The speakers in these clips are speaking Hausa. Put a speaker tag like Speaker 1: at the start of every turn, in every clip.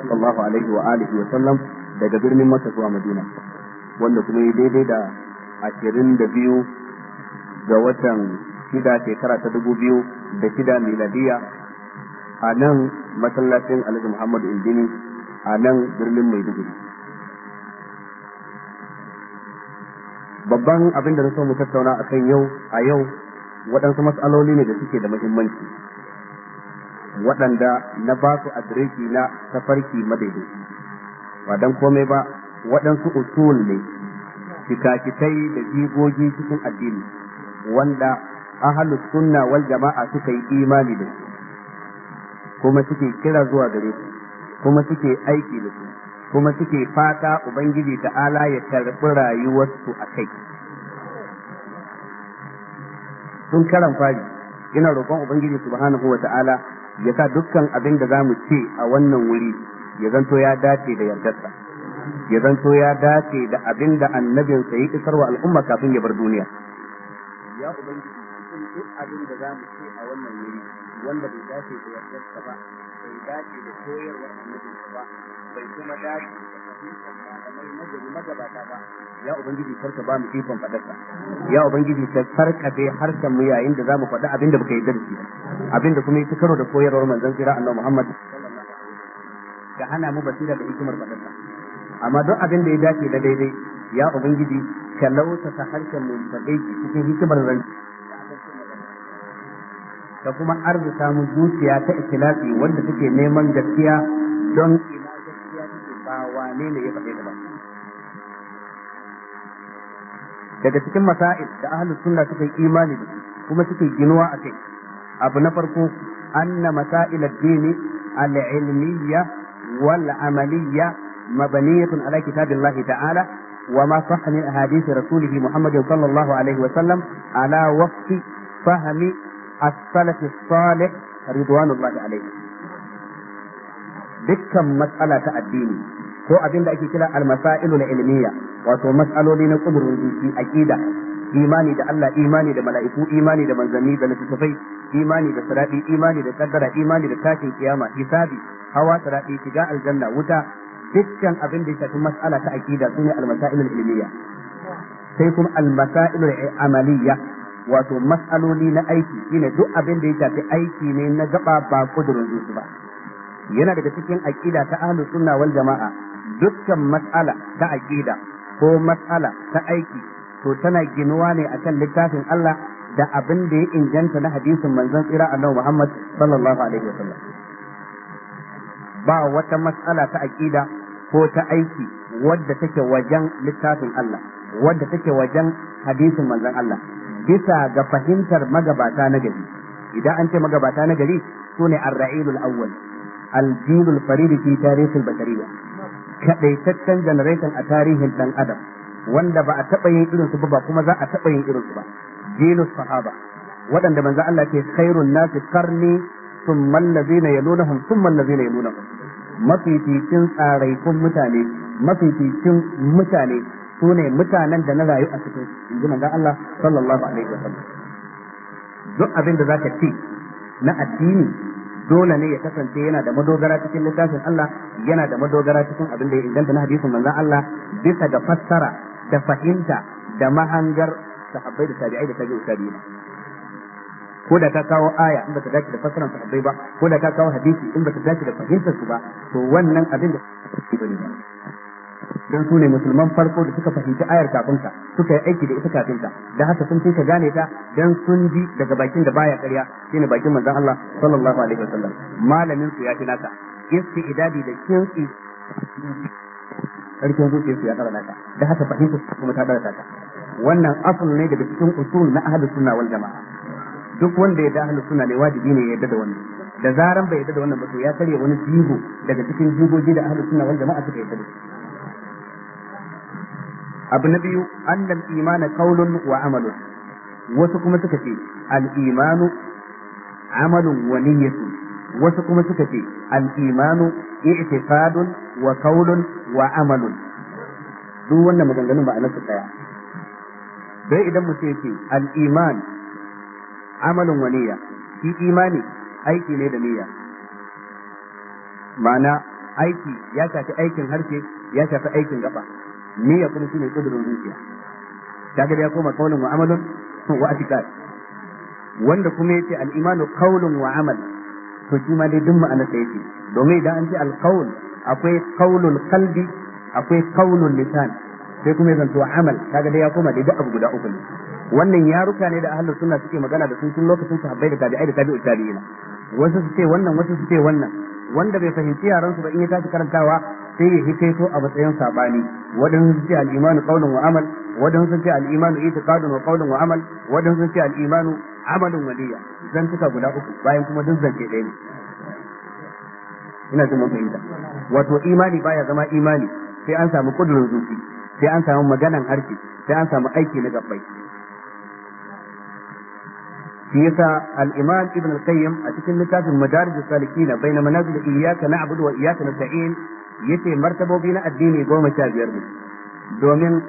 Speaker 1: sallallahu alaihi wa alihi wa sallam daga birnin Makka zuwa Madina wanda kuma ya daidai da
Speaker 2: ashirin da biyu ga watan shida shekara ta dubu biyu da shida miladiya a nan masallacin Alhaji Muhammadu Indini a nan birnin Maiduguri. Babban abin da na so mu tattauna a kan yau a yau waɗansu mas'aloli ne da suke da muhimmanci. waɗanda na ba su adireshi na tafarki madaidaici ba don komai ba waɗansu usul ne fitakitai da jigogi cikin addini wanda ahalu sunna wal jama'a suka yi imani da su kuma suke kira zuwa gare su kuma suke aiki da su kuma suke fata ubangiji ala ya karɓi rayuwarsu a kai sun karan fari ina roƙon ubangiji subhanahu wa ta'ala ya sa dukkan abin da za mu ce a wannan wuri ya zanto ya dace da yardarsa ya zanto ya dace da abin da annabinsa ya isarwa al'umma kafin ya bar duniya
Speaker 3: ya ubangiji duk abin da za mu ce a wannan wuri wanda bai dace da yardarsa ba bai dace da koyarwar annabin ba bai kuma dace da daga magabata ba
Speaker 2: ya ubangiji karka ba mu ikon fadarsa ya ubangiji ka farkabe harkar mu yayin da zamu faɗi abinda baka yi darsi abinda kuma yake karo da koyarwar manzon kira annabi Muhammad ka hana mu basira da hikimar fadarsa amma duk abin da ya dace da daidai ya ubangiji ka lautata harkar mu faɗe cikin hikimar zanci ka kuma arzuta mu zuciya ta ikhlasi wanda take neman gaskiya don ina gaskiya take ba wane ne ya faɗe ta ba daga cikin masail da ahlus sunna suka yi imani da kuma suka yi ginuwa a kai abu na farko anna masail ad-din al-ilmiyya wal amaliyya mabniyatun ala kitabillahi ta'ala wa ma sahha min ahadith rasulih muhammad sallallahu alaihi wa sallam ala waqti fahmi as-salaf as-salih الله alaihi dukkan matsala ta addini ko abin da ake kira almasailu na ilmiya wato mas'aloli na kudurin zuci aqida imani da Allah imani da mala'iku imani da manzanni da littattafai imani da saradi imani da kaddara imani da tashin kiyama hisabi hawa saradi shiga aljanna wuta dukkan abin da ya mas'ala ta aqida sune almasailu ilmiya sai kuma almasailu amaliya wato mas'aloli na aiki shine duk abin da ya shafi aiki ne na gaba ba kudurin zuci ba yana daga cikin aqida ta ahlus sunna wal jama'a dukkan mas'ala ta aƙida ko matsala ta aiki to tana ginuwa ne a kan littafin Allah da abin da ya inganta na hadisin manzon tsira annabi Muhammad sallallahu alaihi sallam. ba wata matsala ta aƙida ko ta aiki wadda take wajen littafin Allah wadda take wajen hadisin manzon Allah bisa ga fahimtar magabata na gari idan an ce magabata na gari sune al railul awwal al-jilul faridi fi tarihil bashariyah kaɗaitaccen generation a tarihin ɗan adam wanda ba a taɓa yin irinsu ba ba kuma za a taɓa yin irinsu ba jilus sahaba waɗanda manzo Allah ke khairun nasi karni thumma allazina yalunahum thumma allazina yalunahum mafificin tsaraikun mutane mafificin mutane su ne mutanen da na rayu a cikin inji manzo Allah sallallahu alaihi wasallam duk abin da zaka ci na addini dole ne ya kasance yana da madogara cikin littafin Allah yana da madogara cikin abin da ya inganta na hadisin manzon Allah bisa ga fassara da fahimta da mahangar sahabbai da tabi'ai da tabi'u tabi'ina ko da ka kawo aya in bata dace da fassaran sahabbai ba ko da ka kawo hadisi in bata dace da fahimtar su ba to wannan abin da
Speaker 3: ba
Speaker 2: don su ne musulman farko da suka fahimci ayar kafin suka yi aiki da ita kafin ta da haka sun fi gane ta dan sun ji daga bakin da baya ƙarya shine bakin manzon Allah sallallahu alaihi wasallam malamin su ya fi naka isti idadi da kinsi karfin zuciya su ya tsara naka da haka fahimta kuma ta tsara wannan asal ne daga cikin usul na ahlus sunna wal jamaa duk wanda ya da ahlus sunna ne wajibi ne ya yarda da wannan da zaran bai yarda da wannan ba to ya karya wani jigo daga cikin jigoji da ahli sunna wal jama'a suka yarda da abu na biyu annal imana qaulun wa amalun wasu kuma suka ce al imanu amalun wa niyyatu wasu kuma suka ce al imanu i'tiqadun wa qaulun wa amalun duk wannan maganganun ba a nasu daya dai idan mutum ce ce al iman amalun wa niyya shi imani aiki ne da niyya ma'ana aiki ya shafi aikin harshe ya shafi aikin gaba niyya kuma shine kudurin zuciya kaga da ya koma kaulin wa amalun wa atiqad wanda kuma yace al-imanu qaulun wa amal to shi ma dai dumma ana sai domin idan an ce al-qaul akwai qaulul qalbi akwai qaulul lisan sai kuma yanzu to amal kaga dai ya koma dai duk abu guda uku ne wannan yaruka ne da ahlus sunna suke magana da sun tun lokacin habbai da tabi'ai da tabi'u tabi'ina wasu su ce wannan wasu su ce wannan wanda bai fahimci yaran su ba in ya tashi karantawa sai ya hikaito a matsayin sabani wadan sun ce al ƙaunin qawlun wa amal wadan sun ce al-imanu itiqadun wa ƙaunin wa amal wadan sun ce al amalin amalun wa niyya zantuka guda uku bayan kuma duk zance ɗaya ne ina jin mun fahimta wato imani baya zama imani sai an samu kudurin zuci sai an samu maganan harshe sai an samu aiki na gabbai shi yasa al-imam ibn al-qayyim a cikin littafin madarij as-salikin bayna manazil iyyaka na'budu wa iyyaka nasta'in yace martabobi na addini goma sha biyar ne domin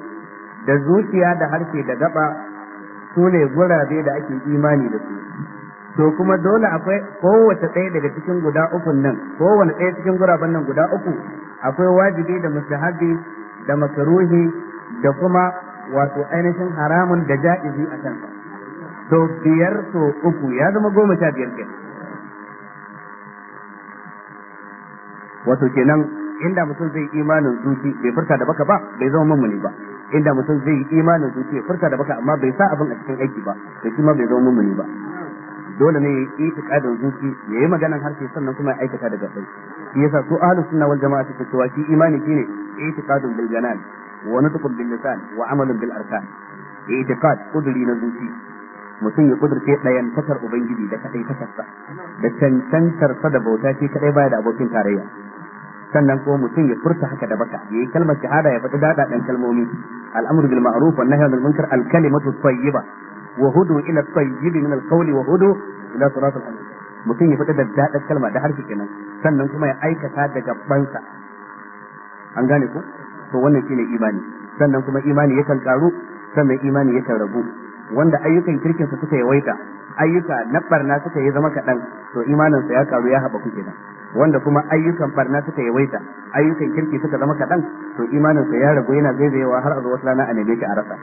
Speaker 2: da zuciya da harshe da gaba su ne gurabe da ake imani da su to kuma dole akwai kowace ɗaya daga cikin guda uku nan kowane ɗaya cikin guraben nan guda uku akwai wajibi da mustahabi da makaruhi da kuma wato ainihin haramun da ja'izi a kansa to biyar to uku ya zama goma sha biyar kenan wato kenan inda mutum zai imanin zuci bai furta da baka ba bai zama mummuni ba inda mutum zai yi imanin zuci ya furta da baka amma bai sa abin a cikin aiki ba to shi ma bai zama mummuni ba dole ne ya yi itikadin zuci ya yi maganan harshe sannan kuma ya aikata da gaban shi yasa su ahlus sunna wal jama'a suke cewa shi imani shine itikadun bil janan wa nutqun bil lisan wa amalun bil arkan itikad kuduri na zuci mutum ya kudurce ɗayan takar ubangiji da kadai takarsa da cancantar sa da bauta shi kadai baya da abokin tarayya sannan ko mutum ya furta haka da baka yayi kalmar shahada ya faɗi dada dan kalmomi al'amru bil ma'ruf wan nahyu anil munkar al kalimatu tayyiba wa hudu ila tayyibi min al qawli wa hudu ila sirat al mutum ya faɗi da dada kalma da harshe kenan sannan kuma ya aikata da gabansa an gane ku, to wannan shine imani sannan kuma imani yakan karu sannan imani yakan rabu wanda ayyukan kirkinsa suka yawaita ayyuka na barna suka yi zama kaɗan to imaninsa ya karu ya haɓaku kenan wanda kuma ayyukan barna suka yawaita ayyukan kirki suka zama kadan to imanin sa ya ragu yana zaizayewa har a zo wasu rana a neme shi a rasa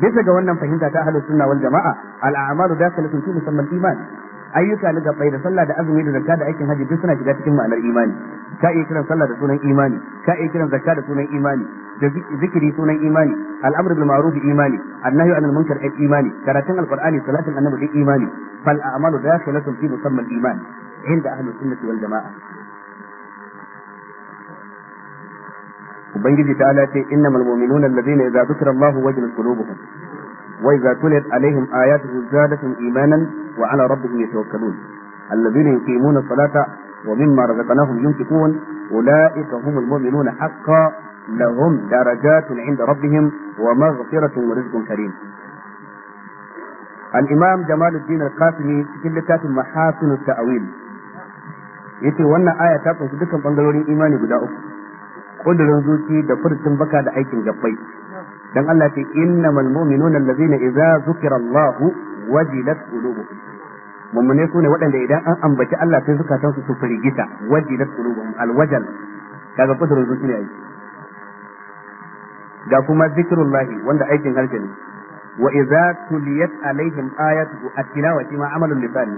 Speaker 2: bisa ga wannan fahimta ta ahlus sunna wal jama'a al a'malu dakhilatun fi musamman iman ayyuka na gabbai da sallah da azumi da zakka da aikin haji duk suna shiga cikin ma'anar imani ka iya kiran sallah da sunan imani ka iya kiran zakka da sunan imani da zikiri sunan imani al'amr bil ma'ruf imani annahyu anil munkar imani karatun alqur'ani salatin annabi imani fal a'malu dakhilatun fi musamman iman عند أهل السنة والجماعة وبنجد تعالى إنما المؤمنون الذين إذا ذكر الله وجلت قلوبهم وإذا تليت عليهم آياته زادتهم إيمانا وعلى ربهم يتوكلون الذين يقيمون الصلاة ومما رزقناهم ينفقون أولئك هم المؤمنون حقا لهم درجات عند ربهم ومغفرة ورزق كريم الإمام جمال الدين القاسمي في كتاب محاسن التأويل yace wannan aya ta kunshi dukkan bangarorin imani guda uku kudurin zuci da furcin baka da aikin gabbai dan Allah ce innamal mu'minuna allazina idza zukira Allah wajilat qulubuhum mummune su ne waɗanda idan an ambaci Allah sai zukatan su su firgita wajilat qulubuhum alwajal daga kudurin zuci ne aiki ga kuma zikrullahi wanda aikin harshe ne wa idza tuliyat alaihim ayatuhu at-tilawati ma amalul lisan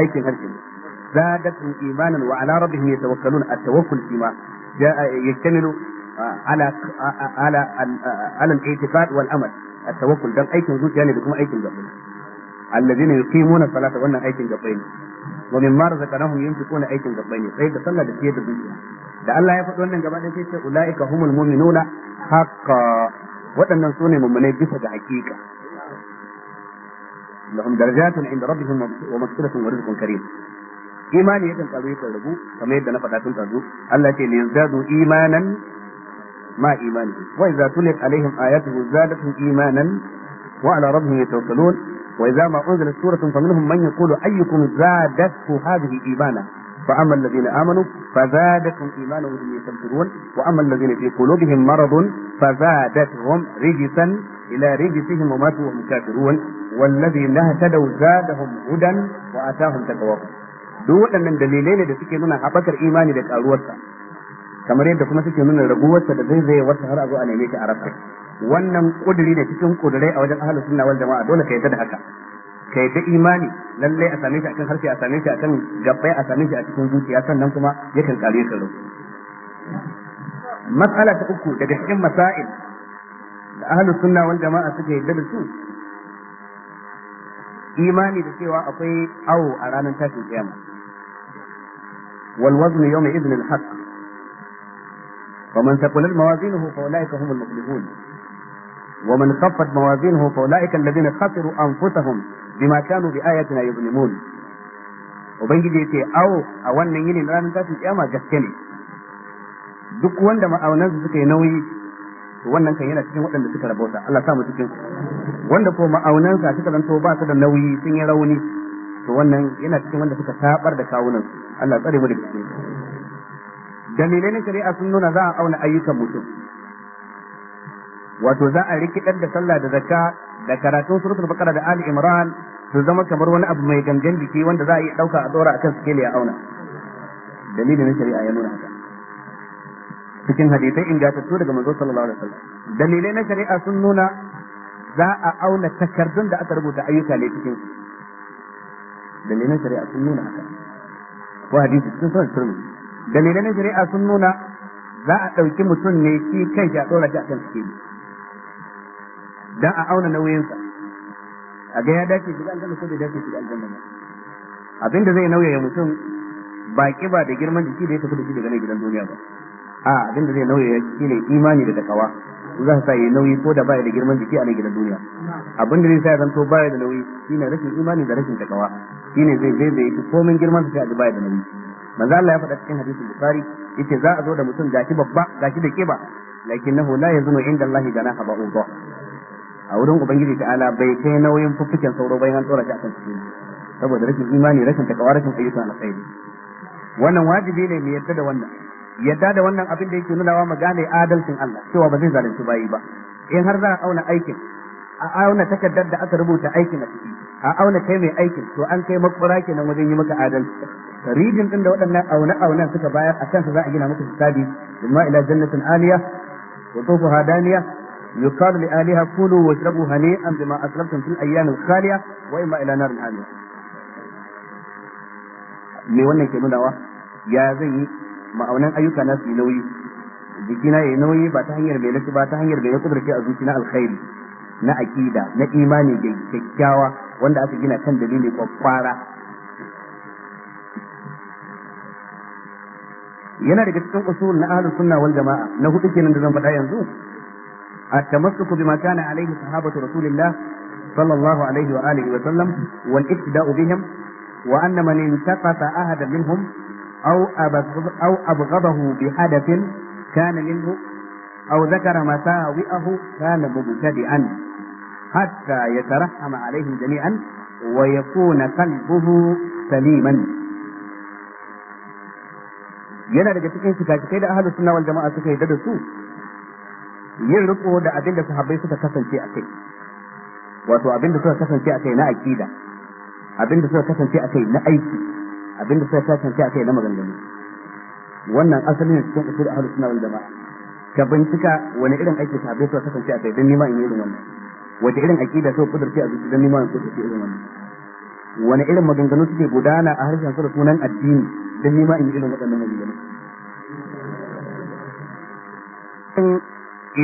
Speaker 2: aikin harshe ne زادتهم ايمانا وعلى ربهم يتوكلون التوكل فيما جاء يشتمل آه، على آه، على آه، على الاعتقاد والامل التوكل كان ايتم زوج يعني بكم ايتم جبين الذين يقيمون الصلاه وانا ايتم جبين ومما رزقناهم ينفقون ايتم جبين سيد صلى بسيد الدنيا da Allah ya faɗi wannan gaba da sai ce ulaika humul mu'minuna haqqa waɗannan sune mu'minai bisa ga haƙiƙa lahum darajatun inda rabbihim wa maghfiratun imani yakan karu yakan ragu kamar yadda na faɗa tun kazu Allah ce ne yazdadu imanan ma imani wa idza tulit alaihim ayatuhu zadatuhum imanan wa ala rabbihim yatawakkalun wa idza ma unzilat suratun faminhum man yaqulu ayyukum zadathu hadhihi imana فأما الذين آمنوا فزادتهم إيمانا وهم يستبشرون وأما الذين في قلوبهم مرض فزادتهم رجسا إلى رجسهم وماتوا وهم كافرون والذين اهتدوا زادهم هدى وآتاهم تقواهم duk waɗannan dalilai ne da suke nuna haɓakar imani da karuwarsa kamar yadda kuma suke nuna raguwarsa da zaizayewarsa har a zo a neme shi a rasa wannan kuduri ne cikin kudurai a wajen ahlus sunna wal jama'a dole ka yadda da haka ka yadda imani lallai a same shi akan harshe a same shi akan gabbai a same shi a cikin zuciya sannan kuma yakan kare ka rau mas'ala ta uku daga cikin masail da ahlus sunna wal jama'a suke yadda da su imani da cewa akwai awo a ranar tashin kiyama والوزن يوم إذن الحق ومن ثقلت موازينه فأولئك هم المفلحون ومن خفت موازينه فأولئك الذين خسروا أنفسهم بما كانوا بآياتنا يظلمون وبنجي تي أو أوان نيني نرام ذات الإيامة جسكني دوك واندا ما أو نزل سكي نوي وانا كان يلا سكي وانا سكي ربوسا الله سامو سكي واندا فو ما أو نزل سكي توبا سكي نوي سكي روني وانا يلا سكي وانا سكي سابر دكا ونزل Allah tsare mu daga cikin dalilai na shari'a sun nuna za a auna ayyukan mutum wato za a rikidar da sallah da zakka da karatun suratul baqara da ali imran su zama kamar wani abu mai gangan jiki wanda za a iya dauka a dora akan sikeli ya auna dalilin na shari'a ya nuna haka cikin hadisai ingantattu daga manzo sallallahu alaihi wasallam dalilai na shari'a sun nuna za a auna takardun da aka rubuta ayyuka ne cikin su dalilai na shari'a sun nuna haka ko hadisi cikin sunan ne dalilan shari'a sun nuna za a ɗauki mutum ne shi kan shi a ɗora shi a kan sikeli dan a auna nauyinsa a ga ya dace shi aljanna ko bai dace shi aljanna ba abinda zai nauyaya mutum ba da girman jiki da ya tafi da shi daga nan gidan duniya ba a abin da zai nauyi ne imani da takawa za sa yi nauyi ko da baya da girman jiki a nan gidan duniya abin da zai sa ya to baya da nauyi shine rashin imani da rashin takawa shine zai zai zai yi komin girman sa sai a baya da nauyi manzo Allah ya faɗa cikin hadisin bukhari yace za a zo da mutum gashi babba gashi da kiba lakinnahu la yazunu inda Allah ba uba. a wurin ubangiji ta'ala bai kai nauyin fuffuken sauro bai an tsora shi kan cikin saboda rashin imani rashin takawa rashin ayyuka na tsayi wannan wajibi ne mu yarda da wannan yadda da wannan abin da yake nunawa mu gane adalcin Allah cewa ba zai zalunci bayi ba in har za a auna aikin a auna takardar da aka rubuta aikin a ciki a auna kai mai aikin to an kai makura kenan wajen yi maka adalci Ridin din da waɗannan aune aunan suka bayar a kansa za a gina maka hisabi amma ila jannatin aliya wa tufuha daniya yuqalu li aliha kulu washrabu hani'an bima asraftum fil ayyam al khaliya wa imma ila nar al me wannan ke nunawa ya zan yi Ma'aunin ayyuka na su yi nauyi jikina ya yi nauyi ba ta hanyar mai ba ta hanyar mai na kudurce a zuci na alkhairi na aƙida na imani da kyakkyawa wanda aka gina kan dalili kwakwara yana daga cikin usul na ahlus sunna wal jama'a na hudu kenan da zan faɗa yanzu التمسك بما كان sahabatu صحابة رسول الله صلى الله عليه وآله وسلم والاقتداء بهم وأن من انتقص أحدا منهم أو أو أبغضه بحدث كان منه أو ذكر مساوئه كان مبتدئا حتى يترحم عليهم جميعا ويكون قلبه سليما yana daga cikin shikakikai da ahalus sunna wal jama'a suka yarda da su yin riko da abin da sahabbai suka kasance a kai wato abin da suka kasance a kai na akida abin da suka kasance a kai na aiki abinda sai ta kanci kai na maganganu wannan asalin ne cikin usul ahlus sunna wal jamaa ka bincika wani irin aiki sahabbai suka kasance a kai don nima in yi irin wannan wata irin aqida suka kudurce a zuci don nima in kudurce irin wannan wani irin maganganu suke gudana a harshen su sunan addini don nima in yi irin waɗannan maganganu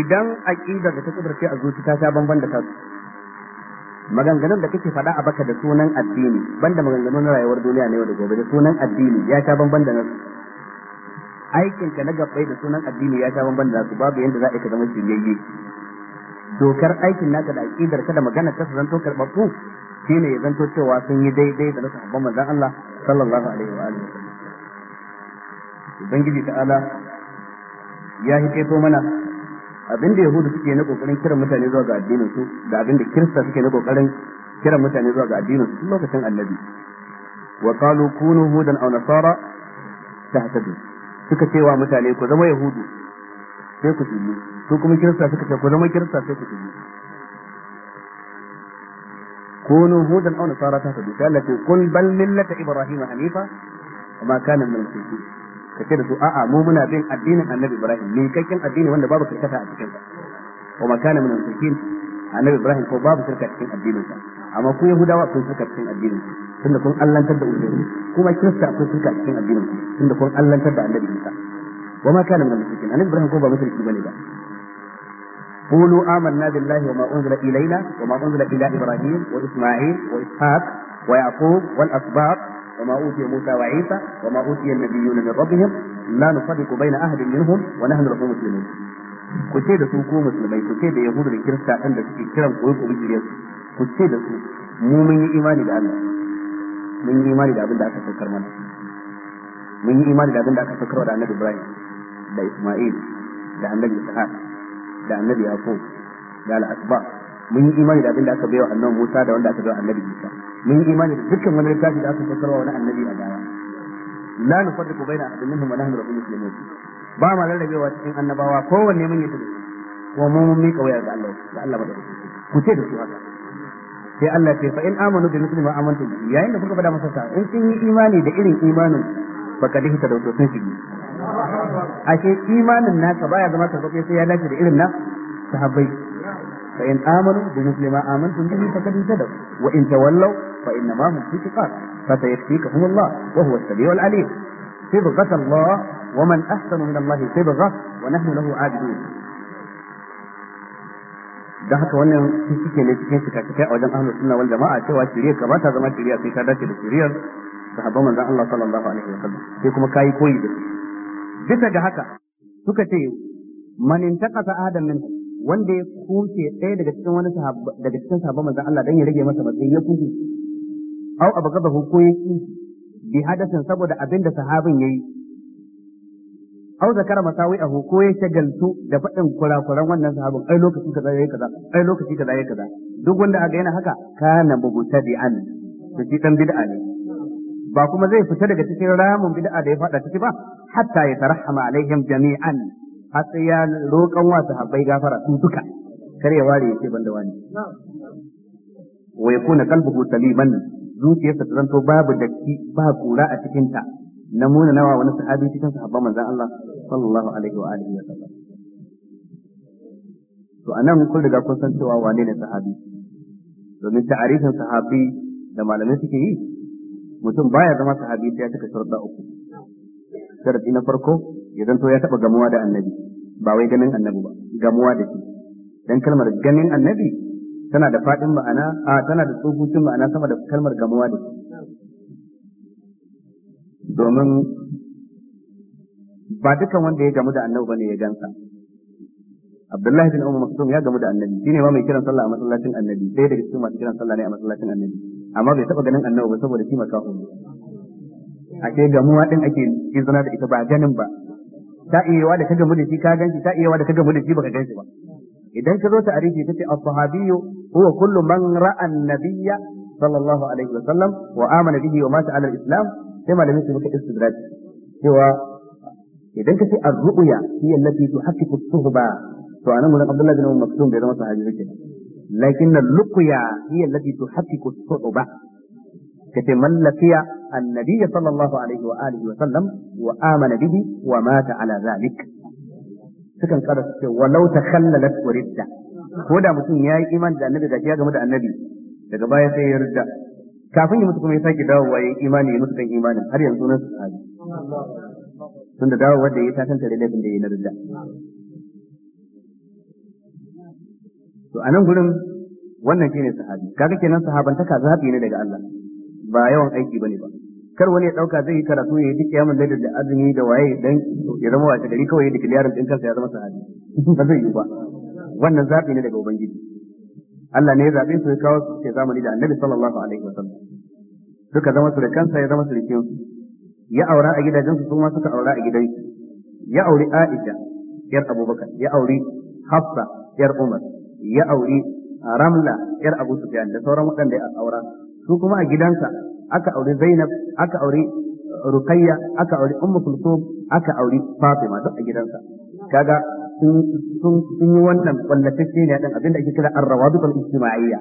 Speaker 2: idan aqida da ta kudurce a zuci ta sha bamban da ta maganganun da kake faɗa a baka da sunan addini banda maganganun na rayuwar duniya na yau da gobe da sunan addini ya ta banban da nasu aikin ka na gabbai da sunan addini ya ta banban da nasu babu yanda za a ka zama shiryayye dokar aikin naka da aqidar ka da maganar ka zanto karɓaɓɓu shine ya zanto cewa sun yi daidai da nasu habban manzan Allah sallallahu alaihi wa alihi ubangiji ta'ala ya hikaito mana abin da yahudu suke na kokarin kiran mutane zuwa ga addinin su da abin da kirista suke na kokarin kiran mutane zuwa ga addinin su lokacin annabi wa qalu kunu hudan aw nasara tahtadu suka ce wa mutane ku zama yahudu sai ku tuni su kuma kirista suka ce ku zama kirista sai ku tuni kunu hudan aw nasara tahtadu sai Allah ce kun bal millata ibrahima hanifa wa ma kana min ka da su a'a mu muna bin addinin annabi ibrahim ne kakkin addini wanda babu shirka a cikin sa wa ma kana min al-shirkin annabi ibrahim ko babu shirka cikin addinin sa amma ku yahudawa kun shirka cikin addinin ku tunda kun allantar da ubangiji kuma kirista kun shirka cikin addinin ku tunda kun allantar da annabi isa wa ma kana min al-shirkin annabi ibrahim ko ba mushriki bane ba قولوا آمنا بالله وما أنزل إلينا وما أنزل إلى إبراهيم وإسماعيل وإسحاق ويعقوب والأسباط وما أوتي موسى وعيسى وما أوتي النبيون من ربهم لا نفرق بين أهل منهم ونحن نحن مسلمون كتي دا سوكو مسلمين كتي دا يهود الكرسة عند الكرم قويق وبجريس كتي دا سو مو من إيمان دا الله من إيمان دا بندا كفكر من من إيمان دا بندا كفكر ودا النبي إبراهيم دا إسماعيل دا النبي إسحاق دا النبي يعقوب دا الأسباب من إيمان دا بندا كبيو أنه موسى دا وندا كبيو النبي إسحاق mun yi imani da dukkan wani littafi da aka fassarwa wani annabi a baya la nufarriqu baina ahadin minhum wa nahnu lahu muslimun ba ma rarrabewa cikin annabawa kowanne mun yi tabbata wa mu mun mika waya ga Allah ga Allah madaukaki ku ce da su haka sai Allah ce fa amanu bi muslima amantu bi yayin da kuka faɗa masa sa in sun yi imani da irin imanin baka dahi ta da wato sun shigi ashe imanin naka baya zama karɓaɓɓe sai ya dace da irin na sahabbai fa in amanu bi muslima amantu bi fakad tadaw wa in tawallaw فإنما هم في ثقات فسيكفيكهم الله وهو السميع العليم صبغة الله ومن أحسن من الله صبغة ونحن له عابدون da haka wannan cikin ne cikin shikashikai a wajen ahlus sunna wal jama'a cewa shirya shirye kamata zama shirya sai ka dace da shiryar sahabban manzon Allah sallallahu alaihi wasallam sai kuma kai koyi da su bisa ga haka suka ce man intaqasa adam min wanda ya kuce ɗaya daga cikin wani daga cikin sahabban manzon Allah dan ya rage masa matsayi ya kuce au gaba ko ki bi hadasin saboda abin da sahabin yayi au zakara a ko ya shagaltu da faɗin kurakuran wannan sahabin ai lokaci kaza yayi kaza ai lokaci kaza yayi kaza duk wanda aka yana haka kana mubtadi'an to shi dan bid'a ne ba kuma zai fita daga cikin ramin bid'a da ya fada ciki ba hatta ya tarahama alaihim jami'an har sai ya roƙan wa sahabbai gafara su duka kar ya ware ya ce banda wani wa yakuna kalbuhu saliman zuciyarsa ta zanto babu datti ba kura a cikinta na nawa wani sahabi cikin sahabban manzon Allah sallallahu alaihi wa alihi wa sallam to anan kun riga kun san cewa wane ne sahabi domin ta'arifin sahabi da malamai suke yi mutum baya zama sahabi sai ya cika sharuɗa uku sharadi na farko ya zanto ya taɓa gamuwa da annabi ba wai ganin annabi ba gamuwa da shi dan kalmar ganin annabi tana da faɗin ma'ana a tana da tsogucin ma'ana sama da kalmar gamuwa da shi domin ba dukan wanda ya gamu da annabi bane ya gansa Abdullahi bin Umar Maktum ya gamu da annabi shine ma mai kiran sallah a masallacin annabi Sai daga cikin masu kiran sallah ne a masallacin annabi amma bai taɓa ganin annabi ba saboda shi a ake gamuwa din ake izina da ita ba ganin ba ta iyawa da ka gamu da shi ka ganshi ta iyawa da ka gamu da shi baka ganshi ba idan ka zo ta'arifi kace as-sahabiyyu huwa kullu man ra'a an-nabiyya sallallahu alaihi wa sallam wa amana bihi wa mata ala al-islam sai malamin su muka istidraj cewa idan kace ar-ru'ya hiya allati tuhaqqiqu as-suhba to anan mun Abdullah bin Umar Maktum bai zama sahabi ba kenan lakin al-luqya hiya allati tuhaqqiqu as-suhba kace man laqiya an-nabiy sallallahu alaihi wa alihi wa sallam wa amana bihi wa mata ala zalik sukan kara su ce walau ta kallalat ridda ko da mutum ya yi iman da annabi gashi ya game da annabi daga baya sai ya ridda kafin ya mutu kuma ya sake dawowa ya imani ya mutu kan imanin har yanzu nan su sahabi tunda dawowar da ya ta kanta da laifin da ya yi na ridda to a nan gurin wannan shine sahabi kaga kenan sahabantaka zabi ne daga Allah ba yawan aiki bane ba kar wani ya dauka zai yi karatu ya yi duk yamin da da azumi da waye dan ya zama wace gari kawai ya dake yaron din kansa ya zama sahabi ba zai yi ba wannan zabi ne daga ubangiji Allah ne ya zabe su ya kawo su ke zamani da Annabi sallallahu alaihi wasallam suka zama su da kansa ya zama su da ya aura a gidajen su kuma suka aura a gidansu ya auri Aisha yar Abubakar ya auri Hafsa yar Umar ya auri Ramla yar Abu Sufyan da sauran waɗanda ya aura su kuma a gidansa aka aure Zainab aka aure Rukayya aka aure Ummu Kulthum aka aure Fatima duk a gidansa kaga sun sun yi wannan kullatacce ne din abinda ake kira ar-rawabiq al-ijtima'iyya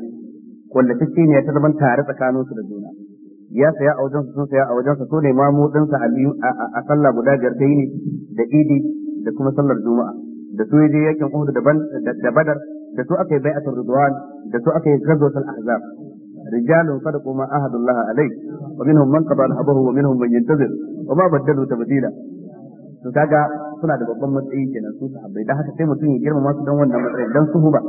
Speaker 2: kullatacce ne ta zaman tare tsakanin su da juna ya saya a wajen wajensu sun saya a wajen wajensa so ne ma mu mamu ɗinsa a sallah guda biyar ta ne da idi da kuma sallar juma'a da su yi yakin uhud da badar da su aka yi bai'atul ridwan da su aka yi ghazwatul ahzab رجال صدقوا ما عهد الله عليه ومنهم من قضى نحبه ومنهم من ينتظر وما بدلوا تبديلا to kaga suna da babban matsayi ke kenan su sahabbai dan haka sai mutum ya girmama su dan wannan matsayin dan suhuba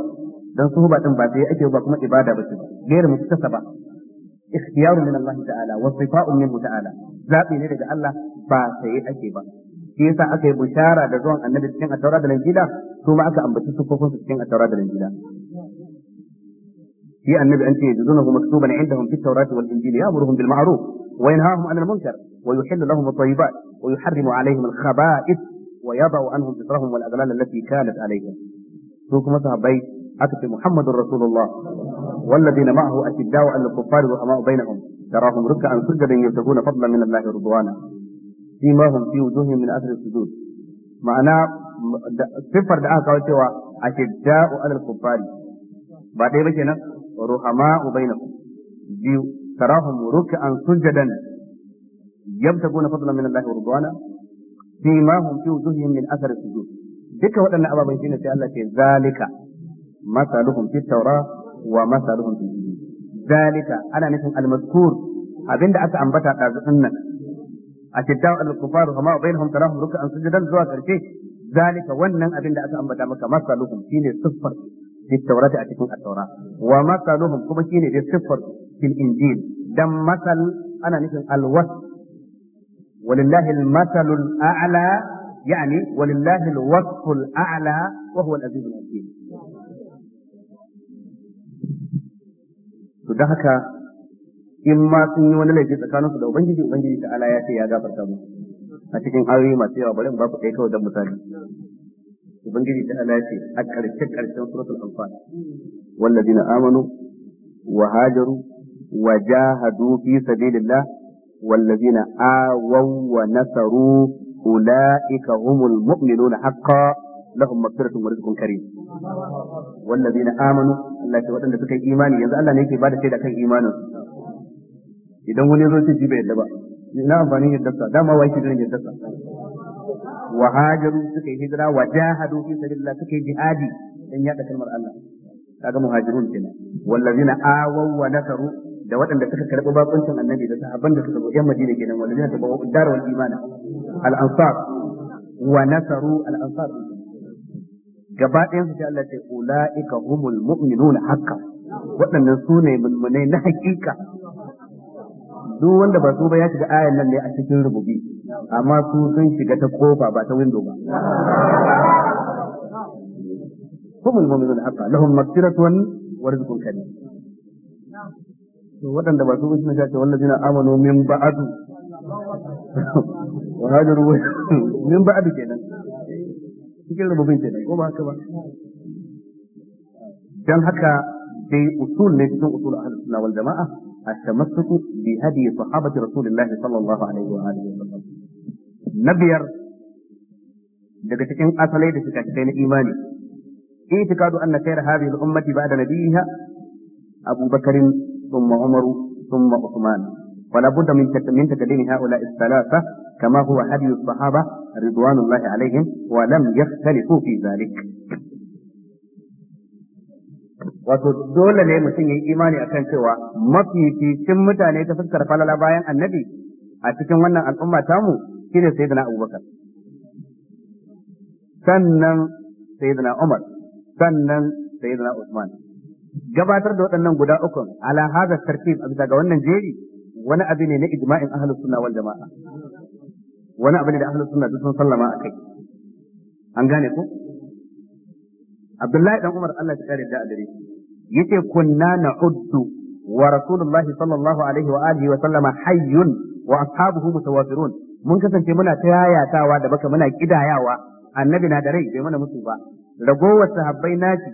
Speaker 2: dan suhuba din ba sai ake ba kuma ibada ba ce gairu muktasaba ikhtiyaru min Allah ta'ala wa sifa'un minhu ta'ala zabi ne daga Allah ba sai ake ba shi yasa aka yi bushara da zuwan annabi cikin at da Injila su ma aka ambaci sufofin su cikin at da Injila في النبي أنت يجدونه مكتوبا عندهم في التوراة والإنجيل يأمرهم بالمعروف وينهاهم عن المنكر ويحل لهم الطيبات ويحرم عليهم الخبائث ويضع عنهم فطرهم والأغلال التي كانت عليهم سوكم بيت أتت محمد رسول الله والذين معه أشداء على الكفار رحماء بينهم تراهم ركعا سجدا يبتغون فضلا من الله رضوانا فيما هم في وجوههم من أثر السجود معناه صفر دعاء كاوتي أشداء على الكفار بعد ذلك ورحماء بينهم بيو تراهم ركعا سجدا يبتغون فضلا من الله ورضوانا فيما هم في وجوههم من اثر السجود دكا ودنا ابا بن سينا الله ذلك مثلهم في التوراة ومثلهم في الانجيل ذلك انا نفهم المذكور abinda aka ambata ɗazu nan a shidda الكفار al بينهم تراهم ركعا سجدا tarahum ruk'an sujudan zuwa karshe zalika wannan abin da aka ambata maka masaluhum shine siffar fi tawrati a cikin at-taura wa da siffar fil injil dan masal ana nufin al-wasf walillahi al-masalu al-a'la yani walillahi al-wasf al-a'la wa al-aziz to da haka in ma sun yi wani laifi tsakaninsu da ubangiji ubangiji ta ya ce ya gafarta musu a cikin ayoyi masu yawa barin mu ba ku ɗaya kawai don misali ubangiji ta ala ce a karshe karshen suratul anfal walladina amanu wa hajaru wa jahadu fi sabilillah والذين آووا ونصروا أولئك هم المؤمنون حقا لهم مغفرة ورزق كريم والذين آمنوا الله ce waɗanda suka yi imani yanzu Allah ne yake bada shaida kan imanin idan wani zo ce ji bai yadda ba ina amfani yadda sa dama wai ki yadda sa wa hajaru suka yi hijira wa jahadu fi sabilillah suka yi jihadi dan yada kalmar Allah kaga muhajirun kenan wallazina awaw wa nasaru da waɗanda suka karɓi bakuncin annabi da sahabban da suka zo yan madina kenan wallazina tabawu dar wal imana al ansar wa nasaru al ansar gaba ɗayan su sai Allah ce ulaika humul mu'minuna haqqan waɗannan su ne mulmunai na hakika duk wanda ba su ba ya shiga ayan nan ne a cikin rububi amma su sun shiga ta kofa ba ta window ba humul mu'minun haqqa lahum maghfiratun wa rizqun karim to waɗanda ba su ba suna cewa wallazina amanu min ba'du wa hajaru min ba'du kenan cikin rububin kenan ko ba haka ba dan haka dai usul ne cikin usul ahlus sunna wal jama'a وآله tamassuku sallallahu alaihi wa na biyar daga cikin asalai da suka kai na imani itikadu anna khayra hadhihi al-ummati ba'da nabiyha Abu Bakr thumma Umar thumma Uthman ولا بد من من تقديم هؤلاء الثلاثة كما هو هدي الصحابة رضوان الله عليهم ولم يختلفوا في ذلك wato dole ne mutum ya yi imani akan cewa mafificin mutane ta fuskar falala bayan annabi a cikin wannan al'umma tamu ne sayyidina abubakar sannan sayyidina umar sannan sayyidina usman gabatar da waɗannan guda ukun ala hada tartib a bisa ga wannan jeri wani abu ne na ijma'in ahlus sunna wal jama'a wani abu ne da ahlus sunna sun sallama akai an gane ku Abdullahi dan Umar Allah ya kare da adare yace kunna na'uddu wa rasulullahi sallallahu alaihi wa alihi wa sallama hayyun wa ashabuhu mutawafirun mun kasance muna ta yayatawa da baka muna kidayawa annabi na da rai bai mana musu ba ragowar sahabbai naci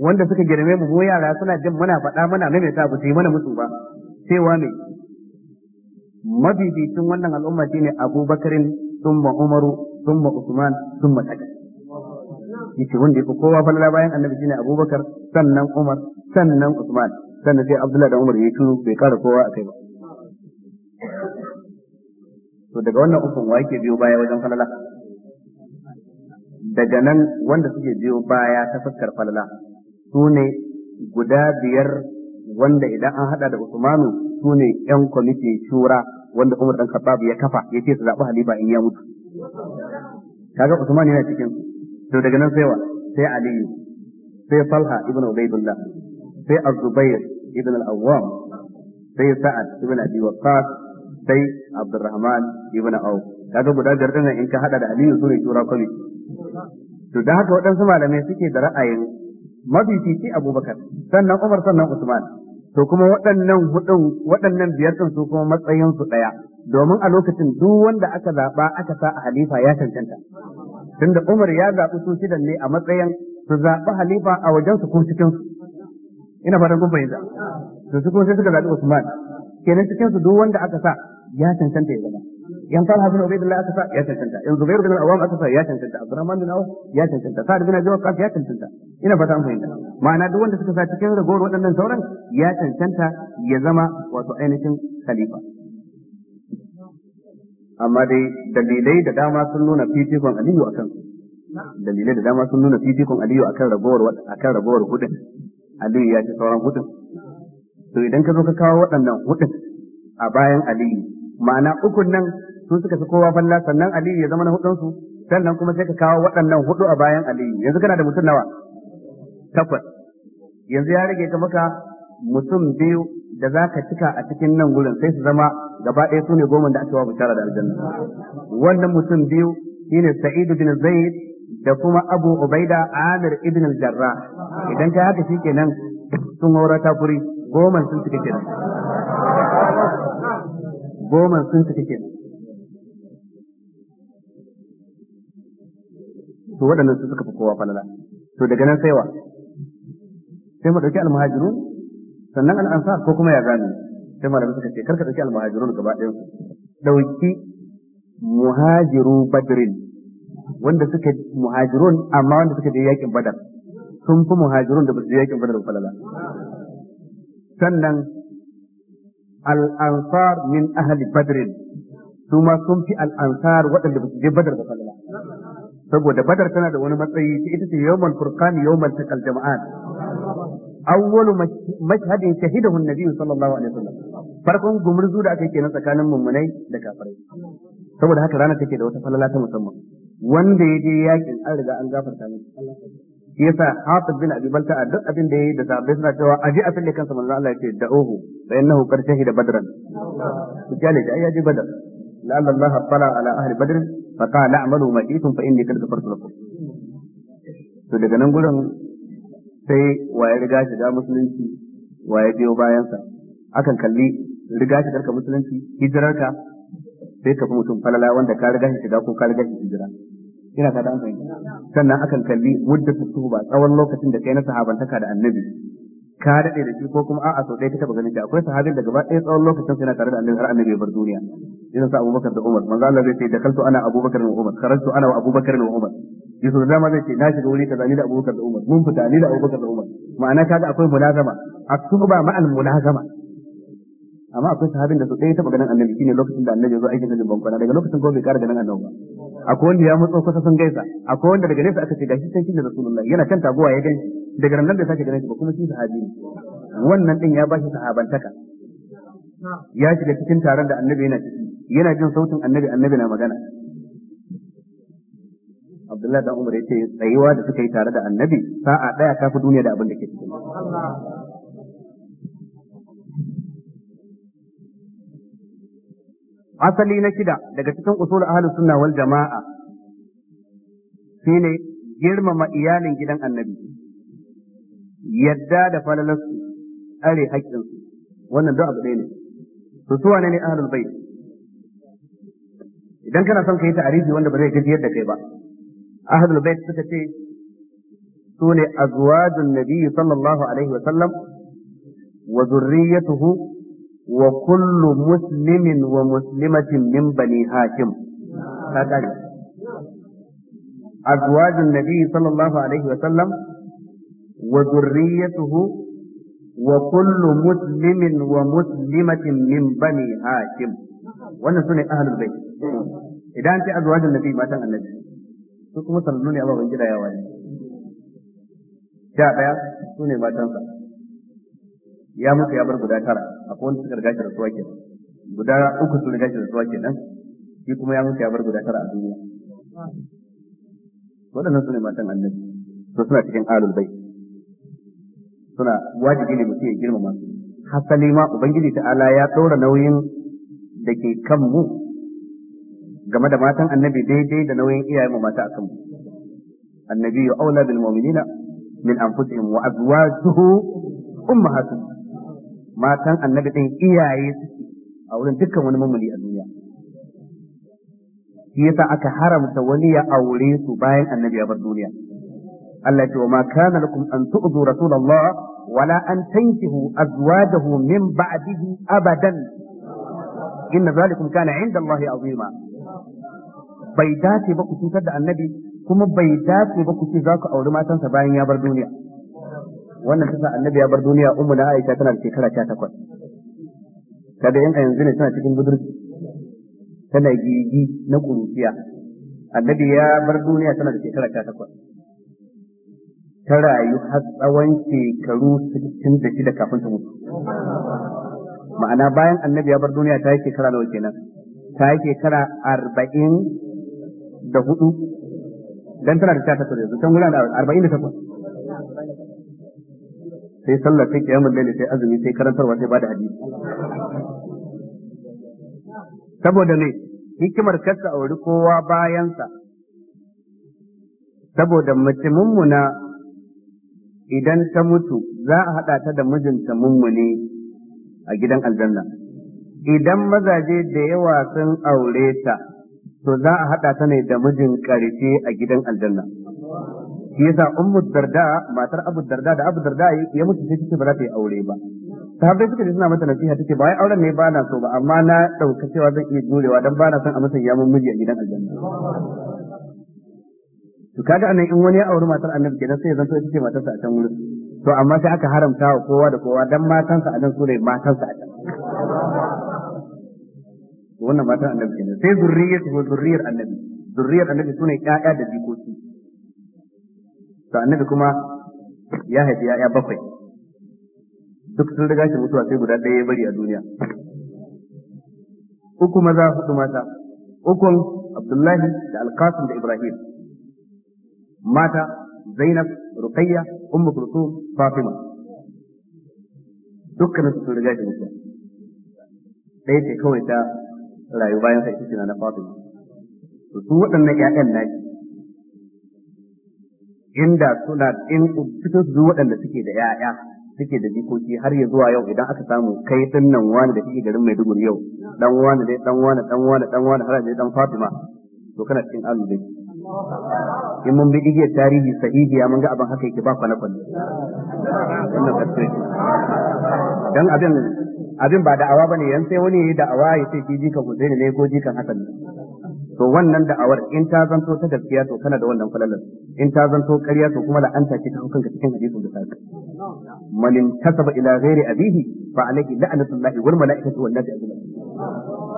Speaker 2: wanda suka girme mu mu yara suna jin muna faɗa muna maimaita ba su yi mana musu ba cewa me mabibicin wannan al'umma shine Abubakar, summa umaru summa usman summa ali yace wanda yake kowa falala bayan annabi shine abubakar sannan umar sannan usman sannan sai abdullahi da umar ya turo bai kara kowa akai ba to daga wannan ukun wa yake biyo baya wajen falala daga nan wanda suke biyo baya ta fuskar falala su ne guda biyar wanda idan an hada da Usmanu su ne yan kwamitin shura wanda Umar dan Khattab ya kafa ya ce su zaɓi Halifa in ya mutu kaga Usman yana cikin to daga nan sai wa sai Aliyu sai Falha ibn Ubaydullah sai Az-Zubair ibn al-Awwam sai Sa'ad ibn Abi Waqqas sai Abdurrahman ibn Auf kaga guda biyar din in ka hada da Aliyu sune shura committee to da haka waɗansu malamai suke da ra'ayin mafifici Abubakar sannan Umar sannan Usman to kuma waɗannan hudun waɗannan biyar din su kuma matsayin su daya domin a lokacin duk wanda aka zaba aka sa a halifa ya cancanta tunda Umar ya zaɓi su shidan ne a matsayin su zaɓi halifa a wajen su ko cikin su ina fatan kun fahimta to su kuma sai suka zaɓi Usman kenan cikin su duk wanda aka sa ya cancanta ya zama yan talha bin ubaidillah aka sa ya cancanta yan zubair bin al-awwam aka sa ya cancanta abdurrahman bin awf ya cancanta sa'ad bin abi waqqas ya cancanta ina fata an fahimta ma'ana duk wanda suka sa cikin ragowar waɗannan sauran ya cancanta ya zama wato ainihin khalifa amma dai dalilai da dama sun nuna fifikon aliyu akan dalilai da dama sun nuna fifikon aliyu akan ragowar akan ragowar hudun aliyu ya ci sauran hudun to idan ka zo ka kawo waɗannan hudu a bayan aliyu ma'ana ukun nan sun suka fi kowa falla sannan aliyu ya zama na hudunsu sannan kuma sai ka kawo waɗannan hudu a bayan aliyu yanzu kana da mutum nawa takwas yanzu ya rage ka maka mutum biyu da za ka cika a cikin nan gurin sai su zama gaba ɗaya su ne goma da aka wa bishara da aljanna wannan mutum biyu shine sa'idu bin zayid da kuma abu ubaida amir ibn al-jarrah idan ka haka shikenan sun haura ta furi goman sun cika kenan goman sun cika kenan to waɗannan sun suka fi kowa falala to daga nan saiwa sai mu ɗauki almuhajirun sannan al'ansa ko kuma ya gane sai malamai suka ce karka ɗauki almuhajirun gaba ɗayan ɗauki muhajiru badrin wanda suka muhajirun amma wanda suka je yakin badar sun fi muhajirun da ba su je yakin badar falala sannan al'ansar min ahli badrin su ma sun fi al'ansar waɗanda ba su je badar da falala saboda badar tana da wani matsayi ta ita ce yawmal furqan yawmal taqal jama'an awwalu mashhadin shahidahu an-nabi sallallahu alaihi wasallam farkon gumurzu da aka yi kenan tsakanin mummunai da kafirai saboda haka rana take da wata falala ta musamman wanda ya je yakin an riga an gafarta
Speaker 1: masa
Speaker 2: shi yasa Hafiz bin Abi Balta duk abin da yayi da sahabbai suna cewa aji abin da kansa manzo Allah ya ce da'uhu fa innahu qad shahida badran ku kyale shi ayyaji badar anna Allah tala ala ahli badr fa qala a'malu ma shi'tum fa inni qad ghafartu lakum to daga nan gurin sai waye riga shiga musulunci waye biyo bayansa akan kalli riga karka musulunci hijirarka sai ka fi mutum falala wanda ka riga shi shiga ko ka riga shi hijira ina fata an fahimta sannan akan kalli mudda ba tsawon lokacin da kai na sahabantaka da annabi ka daɗe da shi ko kuma a'a sau ɗaya ka taɓa ganin shi akwai sahabin da gaba ɗaya tsawon lokacin sai na tare da annabi har annabi ya bar duniya yasa sa abubakar da umar manzo Allah zai ce dakaltu ana abubakar da umar kharajtu ana wa abubakar da umar yasa da dama zai ce na shiga wuri kaza ni da abubakar da umar mun fita ni da abubakar da umar ma'ana kaga akwai mulazama asuba ma'al mulazama amma akwai sahabin da su ɗaya taɓa ganin annabi shine lokacin da annabi ya zo aikin hajjin bankwana daga lokacin gobe ƙara ganin annabi ba akwai wanda ya mutsa kusa sun gaisa akwai wanda daga nesa aka ce gashi sai shine rasulullahi yana kan taguwa ya gani daga nan da sake ganin shi ba kuma shi sahabi ne wannan din ya bashi sahabantaka ya shiga cikin taron da annabi yana ciki yana jin sautin annabi annabi na magana Abdullahi dan Umar ya ce tsayuwa da suka yi tare da annabi sa'a daya ta fi duniya da abin da ke cikin asali na shida daga cikin usul ahlus sunna wal jama'a shine girmama iyalin gidan annabi yadda da falalarsu are haƙƙinsu wannan duk abu ɗaya ne to su wane ne ahlul bait idan kana son ka yi ta'arifi wanda ba zai gajiyar da kai ba ahlul bait suka ce su ne azwajun nabiyyi sallallahu alaihi wa sallam wa zurriyatuhu wa kullu muslimin wa muslimatin min bani hashim ta kare azwajun nabi sallallahu alaihi wa sallam wa zurriyatuhu wa kullu muslimin wa muslimatin min bani hashim wannan sune ahlul bait idan ce azwajin nabi matan annabi su kuma sanannu ne ababen gida yawa ne sha ɗaya su ne matansa ya mutu ya bar guda tara akwai wanda suka riga shi rasuwa kenan guda uku sun riga shi rasuwa nan, shi kuma ya mutu ya bar guda tara a duniya waɗannan su ne matan annabi to suna cikin alul bai suna wajibi ne mutum ya girmama su hasali ma ubangiji ta'ala ya ɗora nauyin da ke kan mu game da matan annabi daidai da nauyin iyayen mu mata akan mu annabi ya aula bil mu'minina min anfusihim wa azwajuhu ummahatuhum matan annabi ɗin iyaye suke a wurin dukkan wani mamuli a duniya shi yasa aka haramta wani ya aure su bayan annabi ya bar duniya Allah ya ce wa ma kana lakum an tu'zu rasulullah wala an tankihu azwajahu min ba'dihi abadan inna zalikum kana 'inda Allah azima bai dace ba ku cutar da annabi kuma bai dace ba ku ce za ku auri matansa bayan ya bar duniya wannan tasa annabi ya bar duniya ummu na aisha tana da shekara 18 takwas. in a yanzu ne tana cikin budurci tana gigi na kuruciya annabi ya bar duniya tana da shekara takwas. ta rayu har tsawon shekaru shida kafin ta mutu ma'ana bayan annabi ya bar duniya ta yi shekara nawa kenan ta yi shekara arba'in da hudu dan tana da shata yanzu can gudanar arba'in da takwas sai sallah sai kiyamul laili sai azumi sai karantarwa sai bada hadisi saboda ne hikimar kasa auri kowa bayansa saboda mace mummuna idan ta mutu za a haɗa ta da mijinta mummune a gidan aljanna idan mazaje da yawa sun aure ta to za a haɗa ta ne da mijin karfe a gidan aljanna shi yasa ummu darda matar abu darda da abu darda ya mutu sai take ba za ta yi aure ba sahabbai suka ji suna mata nasiha take ba ai auren ne ba na so ba amma na dauka cewa zan iya jurewa dan ba na son a masa mun miji a gidan aljanna to kaga anan in wani ya auri matar annabi kenan sai zanto ita ce matarsa a can wurin to amma sai aka haramta wa kowa da kowa dan sa a nan su matan sa a can wannan matar annabi kenan sai zurriyar ko zurriyar annabi zurriyar annabi sune ƴaƴa da jiko to annabi kuma ya haifi ya'ya bakwai duk sun riga shi mutuwa sai guda ɗaya ya bari a duniya uku maza hudu mata ukun abdullahi da alkasim da ibrahim mata zainab ruqayya ummu kulthum fatima dukkanin su sun riga shi mutuwa ɗaya ce kawai ta rayu bayan sa ita na fatima to su waɗannan 'ya'yan naki inda suna in fito su waɗanda suke da ‘ya'ya suke da jikoki har ya zuwa yau idan aka samu kai din nan wani da kike garin Maiduguri yau dan wani dai dan wani dan wani dan wani har dai dan Fatima to kana cikin alu dai in mun bi igiyar tarihi ya mun ga abin haka yake ba kwana kwana wannan gaskiya dan abin abin ba ne, bane yan sai wani ya da da'awa ya ce ki jikan Hussein ne ko jikan Hassan to wannan da'awar in ta zanto ta gaskiya to kana da wannan falalar in ta zanto ƙarya to kuma la'anta ce ta hukunka cikin hadisin da saka man intasaba ila ghairi abihi fa alayhi la'natullahi wal malaikatu wan nasi ajma'in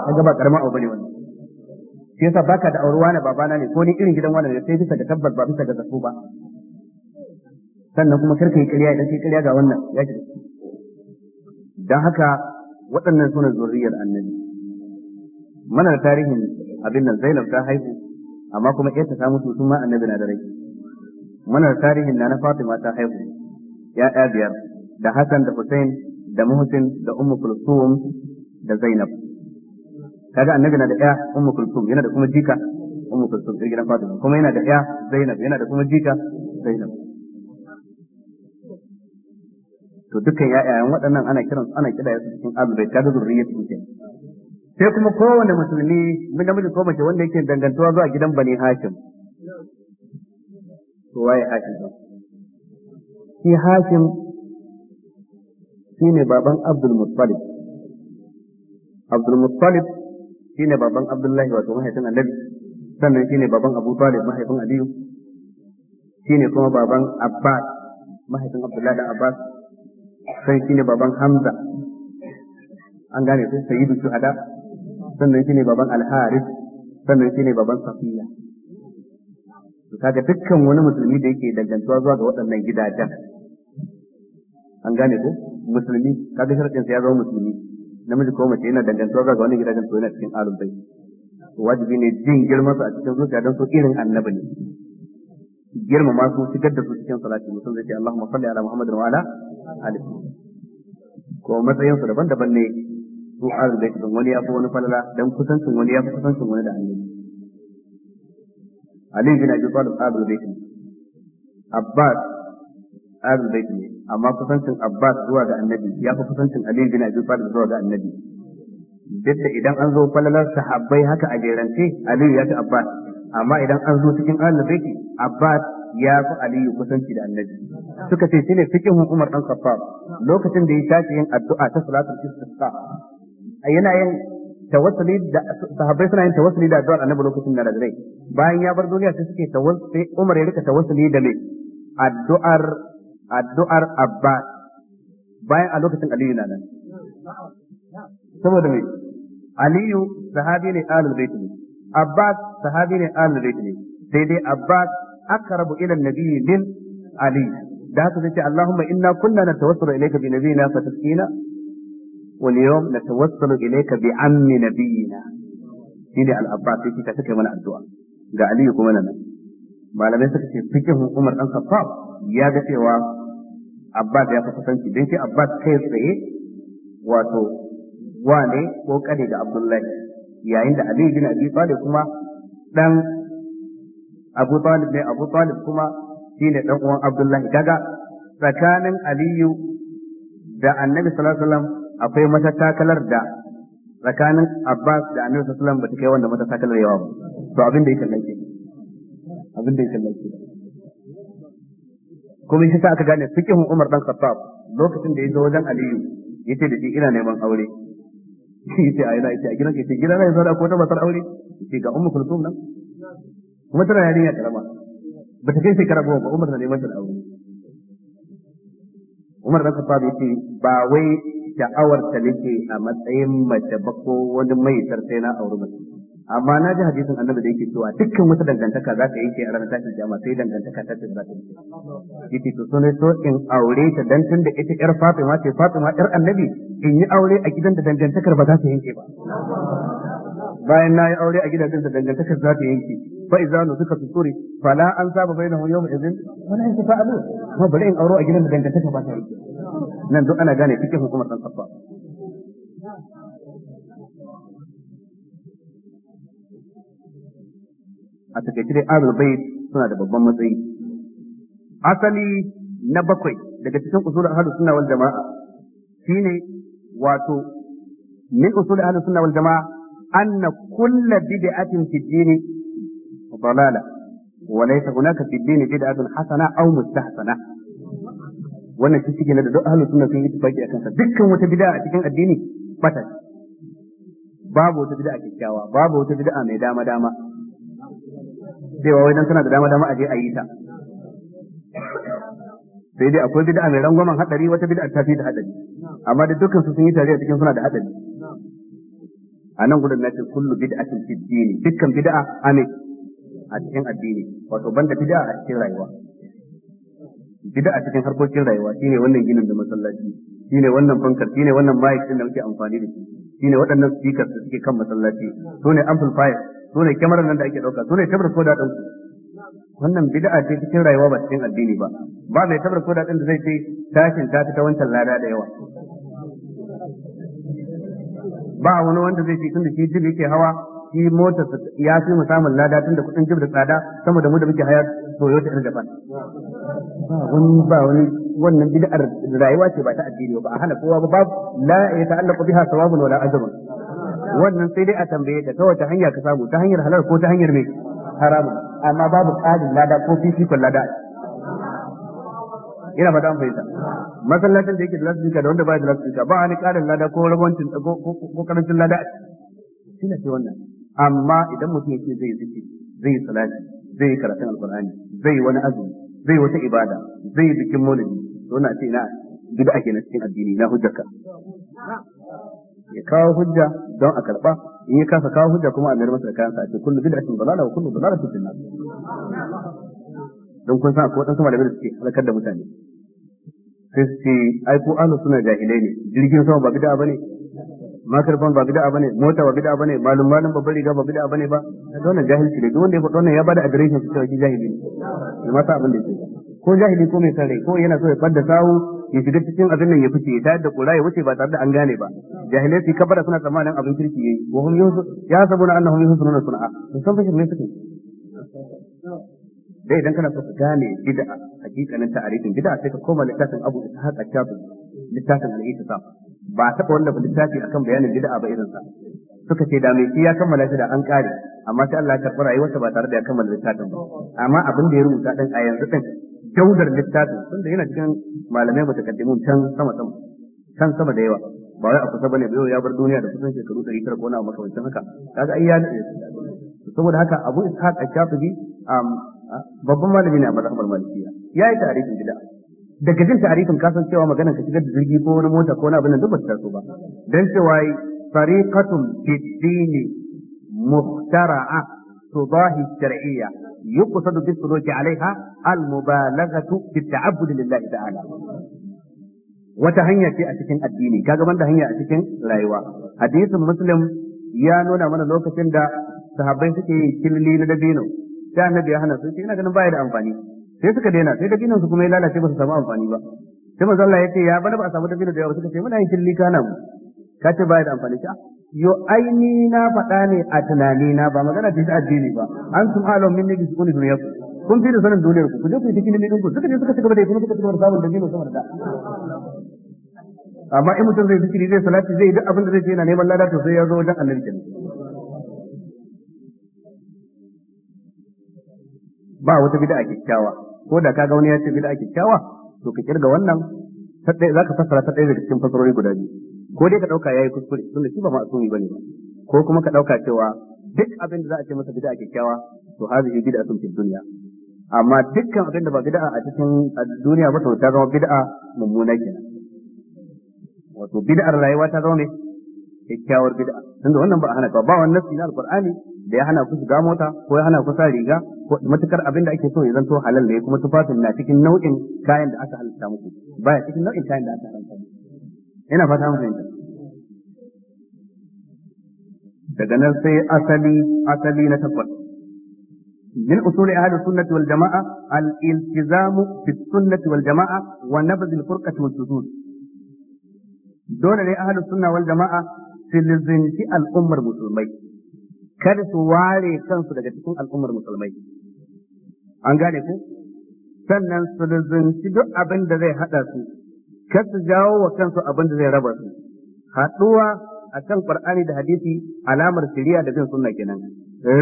Speaker 2: kaga ba karama abu bane wannan shi yasa baka da aure na babana ne ko ni irin gidan wani ne sai bisa ga tabbas ba bisa ga zato ba sannan kuma karka yi ƙarya idan kai ƙarya ga wannan ya ki dan haka waɗannan suna zuriyar annabi mana da tarihin abin nan Zainab ta haihu amma kuma ƴarta ta mutu sun ma annabi na da rai muna tarihin na na Fatima ta haihu ya ya'ya biyar da Hassan da Hussein da Muhsin da Ummu Kulthum da Zainab kaga annabi na da ƴa Ummu Kulthum yana da kuma jika Ummu Kulthum da gidan Fatima kuma yana da ƴa Zainab yana da kuma jika Zainab to dukkan ƴaƴayen waɗannan ana kiransu ana kidaya su cikin azubai kaga zurriyyatu kenan sai kuma kowane musulmi mun namiji ko mace wanda yake dangantuwa zuwa gidan bani hashim
Speaker 1: to waye hashim
Speaker 2: shi hashim shine baban abdul muttalib abdul muttalib shine baban abdullahi wato mahaifin annabi sannan shine baban abu talib mahaifin aliyu shine kuma baban abbas mahaifin abdullahi da abbas sai shine baban hamza an gane sai sayyidu shuhada sannan ne baban al-harith sannan ne baban safiya to kaga dukkan wani musulmi da yake dangantuwa zuwa ga waɗannan gidajen an gane ko musulmi kaga sharadin sa ya zama musulmi namiji ko mace yana dangantuwa ga wani gidajen to yana cikin alul bai wajibi ne jin girman su a cikin zuciya don su irin annabi ne girmama su shigar da su cikin salati mutum zai ce Allahumma salli ala Muhammadin wa ala alihi ko matsayin su daban-daban ne du'a'u bai don wani ya fi wani falala dan kusancin wani ya kusancin wani da annabi Ali bin Abi Talib Abul Bayt Abbas Abul Bayt ne amma kusancin Abbas zuwa ga annabi ya fi kusancin Ali bin Abi Talib zuwa ga annabi duk da idan an zo falalar sahabbai haka a jerance Ali ya fi Abbas amma idan an zo cikin Ahlul Bayt Abbas ya fi Aliyu kusanci da Annabi suka ce shine cikin hukumar dan Khattab lokacin da ya tashi yin addu'a ta salatul istisqa yana yin tawassuli da sahabbai suna yin tawassuli da addu'ar annabi lokacin da rai bayan ya bar duniya sai suke tawassuli Umar ya rika tawassuli da mai addu'ar addu'ar Abbas bayan a lokacin Aliyu na nan saboda mai Aliyu sahabi ne alul bait ne Abbas sahabi ne alul bait ne sai dai Abbas akrabu ila nabiyyi min Ali da haka sai ce Allahumma inna kunna natawassalu ilayka bi nabiyyina fataskina واليوم نتوسل إليك بعم نبينا شيني الأباس يكي كتك من الدعاء ga Aliyu kuma nan malamai suka ce fikin hukumar ɗan Khattab ya ga cewa Abbas ya fi kusanci don shi Abbas kai tsaye wato wane ko kare ga Abdullahi yayin da Aliyu bin Abi Talib kuma dan Abu Talib ne Abu Talib kuma shine dan uwan Abdullahi tsakanin Aliyu da Annabi sallallahu alaihi wasallam akwai matatakalar da tsakanin Abbas da Annabi sallallahu alaihi ba ta kai wanda matatakalar yawa ba to abin da ya kalla ke abin da ya kalla ke kuma shi sa aka gane fiqhun Umar dan Khattab lokacin da ya zo wajen Aliyu yace da shi ina neman aure yace a ina yace a gidanka yace gidan zan da ko ta matar aure yace ga ummu kulsum nan kuma tana yarinya karama ba ta kai shekara goma ba Umar na neman ta aure Umar dan Khattab yace ba wai sha'awar ta nake a matsayin mace ba ko wani mai sai na auri mace amma na ji hadisin annabi da yake cewa dukkan wata dangantaka za ta yi ke a ranar tashin jama'a sai dangantaka
Speaker 1: ta ce za ta yi
Speaker 2: yake to sun so in aure ta dan tun da ita yar Fatima ce Fatima yar annabi in yi aure a gidan da dangantakar ba za ta yanke ba bayan na yi aure a gidan da dangantakar za ta yanke فإذا نطق في السور فلا أنساب بينه يومئذ ولا يتفاءلون هو بلين أورو أجلن بين جنتك وباتعي
Speaker 1: لن نعم، أنا جاني في كيف
Speaker 2: حكومة الخطاب أتكي تري آل البيت سنة ببما زي أصلي نبقي لكي تكون أصول أهل السنة والجماعة فيني واتو من أصول أهل السنة والجماعة أن كل بدعة في الدين ضلالة وليس هناك في الدين بدعة حسنة أو مستحسنة wannan shi cikin da duk ahlus sunna sun yi tafaki a kansa dukkan wata bid'a a cikin addini bata babu wata bid'a kyakkyawa babu wata bid'a mai dama dama Sai wai dan kana da dama dama a je a yi ta sai dai akwai bid'a mai rangwamen hadari wata bid'a ta fi da hadari amma da dukkan su sun yi tare a cikin suna da hadari a nan gudun na ce kullu bid'atin fi dini dukkan bid'a ame a cikin addini wato banda bid'a a cikin rayuwa bid'a a cikin harkokin rayuwa shine wannan ginin da masallaci shine wannan fankar shine wannan mic din da muke amfani da shi shine waɗannan speakers da suke kan masallaci sune amplifier sune kyamarar nan da ake ɗauka sune tabar koda ɗin wannan bid'a ce cikin rayuwa ba cikin addini ba ba mai tabar koda ɗin da zai ce tashin ta ta wancan lada da yawa ba wani wanda zai ce tun da shi jibi yake hawa shi motar ya fi mu samun lada tun da kudin jib da tsada sama da mu da muke haya Toyota irin daban wani ba wani wannan bid'ar rayuwa ce ba ta addini ba a hana kowa ba babu la ya ta'allaqu biha sawabun wala ajrun wannan sai dai a tambaye ta ta wata hanya ka samu ta hanyar halal ko ta hanyar mai haramun amma babu ƙarin lada ko fifikon lada ina fata an fahimta masallacin da yake da lasbika da wanda ba da lasbika ba wani ƙarin lada ko rabancin ko karancin lada a ciki shi ne ce wannan amma idan mutum yake zai zikiri zai salati zai karatun alqur'ani zai wani azumi zai wata ibada zai bikin maulidi to na ce na bid'a ke na cikin addini na hujjarka ya kawo hujja don a karba in ya kasa kawo hujja kuma a mayar masa da kayan sa ce kullu bid'atin dalala wa kullu dalalatin fil nar don kun san akwai wadansu malamai da suke halakar da mutane sai su ce ai ko ahlus sunna jahilai ne jirgin sama ba bid'a bane makarfan ba bid'a bane mota ba bid'a bane malum malum babbar riga ba bid'a bane ba wannan jahilci ne duk wanda ya faɗa wannan ya bada adireshin su cewa shi jahili
Speaker 1: ne
Speaker 2: ma sa abin da yake ko jahili ko mai sare ko yana so ya fadda sahu, ya shiga cikin abin nan ya fice ya tayar da kura ya wuce ba tare da an gane ba jahilai su kabara suna tsammanin abin kirki yayi wa hum ya sabuna annahum yuhsinuna sun'a to san fashin ne suke dai idan kana so ka gane bid'a hakikanin ta'arifin bid'a sai ka koma littafin Abu da ta shafii littafin al'ita ittisam ba taɓa wallafa littafi akan bayanin bid'a ba irinsa suka ce da mai shi ya kammala shi da an kare amma sai Allah ya karɓi rayuwarsa ba tare da ya kammala littafin ba amma abin da ya rubuta din a yanzu din jaudar littafin tunda yana cikin malamai mutakaddimun can sama sama can sama da yawa ba wai a kusa bane ba yau ya bar duniya da kusan shekaru 100 ko na abu makamancin haka kaga ai ya saboda haka Abu Ishaq al shafii babban malami ne a
Speaker 1: mazhabar Malikiya yayi tarihin
Speaker 2: bid'a daga jin tarihin kasan cewa ka shigar da jirgi ko wani mota ko wani abin da ba ta taso ba dan cewa tariqatun fi dini muhtara'a tudahi shar'iyya yuqsadu bi suluki 'alayha al-mubalaghatu fi ta'abbud lillahi ta'ala wata hanya ce a cikin addini kaga banda hanya a cikin rayuwa hadisin muslim ya nuna mana lokacin da sahabbai suke yin killi na dabino sai annabi ya hana su ina ganin baya da amfani sai suka daina sai dabinin su kuma ya lalace ba su samu amfani ba sai manzo Allah ya ce ya bana ba a samu dabino da yawa suka ce muna yin killi kana mu ka ce ba da amfani ta ah, yo aini na faɗa ne a tunani na ba magana ta ta addini ba an sun halon min ne su sukuni duniya kun fi da sanin duniyar ku ku je ku yi cikin nemin ku suka je suka cigaba da kuma suka cigaba da samun dabino sama da amma in mutum zai zikiri zai salati zai duk abin da zai ce yana neman ladar to sai ya zo wajen annabi kenan ba wata bid'a kikkiawa ko da kaga wani ya ce bid'a kyakkyawa to ka kirga wannan ta ɗaya zaka fassara ta ɗaya daga cikin fassarori guda biyu ko dai ka dauka yayi kuskure tunda shi ba ma'asumi bane ba ko kuma ka dauka cewa duk abin da za a ce masa bid'a kyakkyawa to hadhihi bid'atun fid dunya amma dukkan abin da ba bid'a a cikin duniya ba to ta zama bid'a mummuna kenan wato bid'ar rayuwa ta zama ne kyakkyawar bid'a tunda wannan ba a hana ba ba wannan nasi na alqur'ani da ya hana ku shiga mota ko ya hana ku sa riga ko matukar abin da ake so ya zanto halal ne kuma tufafin na cikin nau'in kayan da aka halatta muku baya cikin nau'in kayan da aka halatta muku ina fata mun fahimta daga nan sai asali asali na takwas من أصول أهل السنة والجماعة الالتزام في السنة والجماعة ونبذ الفرقة والجذور دون أهل السنة والجماعة silzinci al'ummar musulmai kada su ware kansu daga cikin al'ummar musulmai an gane ku sannan silzinci duk abin da zai haɗa su kar su jawo wa kansu abin da zai raba su a kan ƙwar'ani da hadisi alamar shirya da bin sunna kenan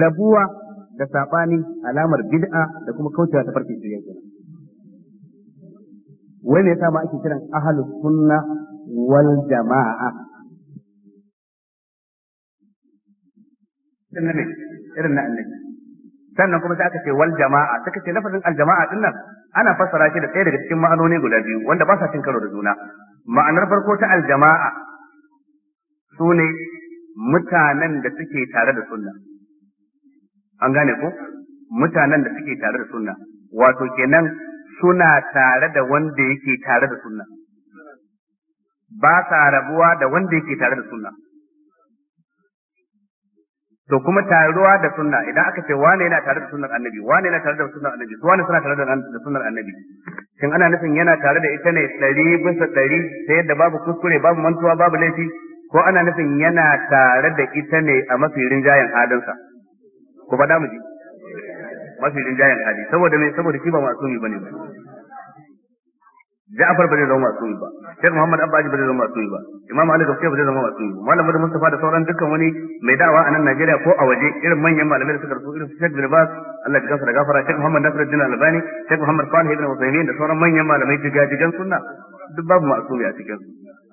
Speaker 2: rabuwa da saɓani alamar bid'a da kuma kaucewa ta farkin shari'a wai me yasa ma ake kiran ahlus sunna wal jama'a irin ne irin na annabi sannan kuma sai aka ce wal jama'a suka ce lafazin al jama'a din nan ana fassara shi da ɗaya daga cikin ma'anoni guda biyu wanda ba sa cin karo da juna ma'anar farko ta al jama'a sune mutanen da suke tare da sunna an gane ko mutanen da suke tare da sunna wato kenan suna tare da wanda yake tare da sunna ba sa rabuwa da wanda yake tare da sunna to kuma taruwa da sunna idan aka ce wane yana tare da sunnar annabi wane yana tare da sunnar annabi to wane suna tare da sunnar annabi shin ana nufin yana tare da ita ne ɗari bisa ɗari sai yadda babu kuskure babu mantuwa babu laifi ko ana nufin yana tare da ita ne a mafi rinjayen ko ba da mu ji mafi rinjayen hali saboda me saboda shi ba masumi bane ba Ja'far bai zama masu ba Sheikh Muhammad Abbaji bai zama masu ba Imam Ali Gaske bai zama masu ba Malam Madu Mustafa da sauran dukkan wani mai da'awa a nan Najeriya ko a waje irin manyan malamai da suka rasu irin Sheikh Bin Baz Allah ya gafara gafara Sheikh Muhammad Nasiruddin Albani Sheikh Muhammad Salih Ibn Uthaymeen da sauran manyan malamai jigajigan sunna duk babu masu a cikin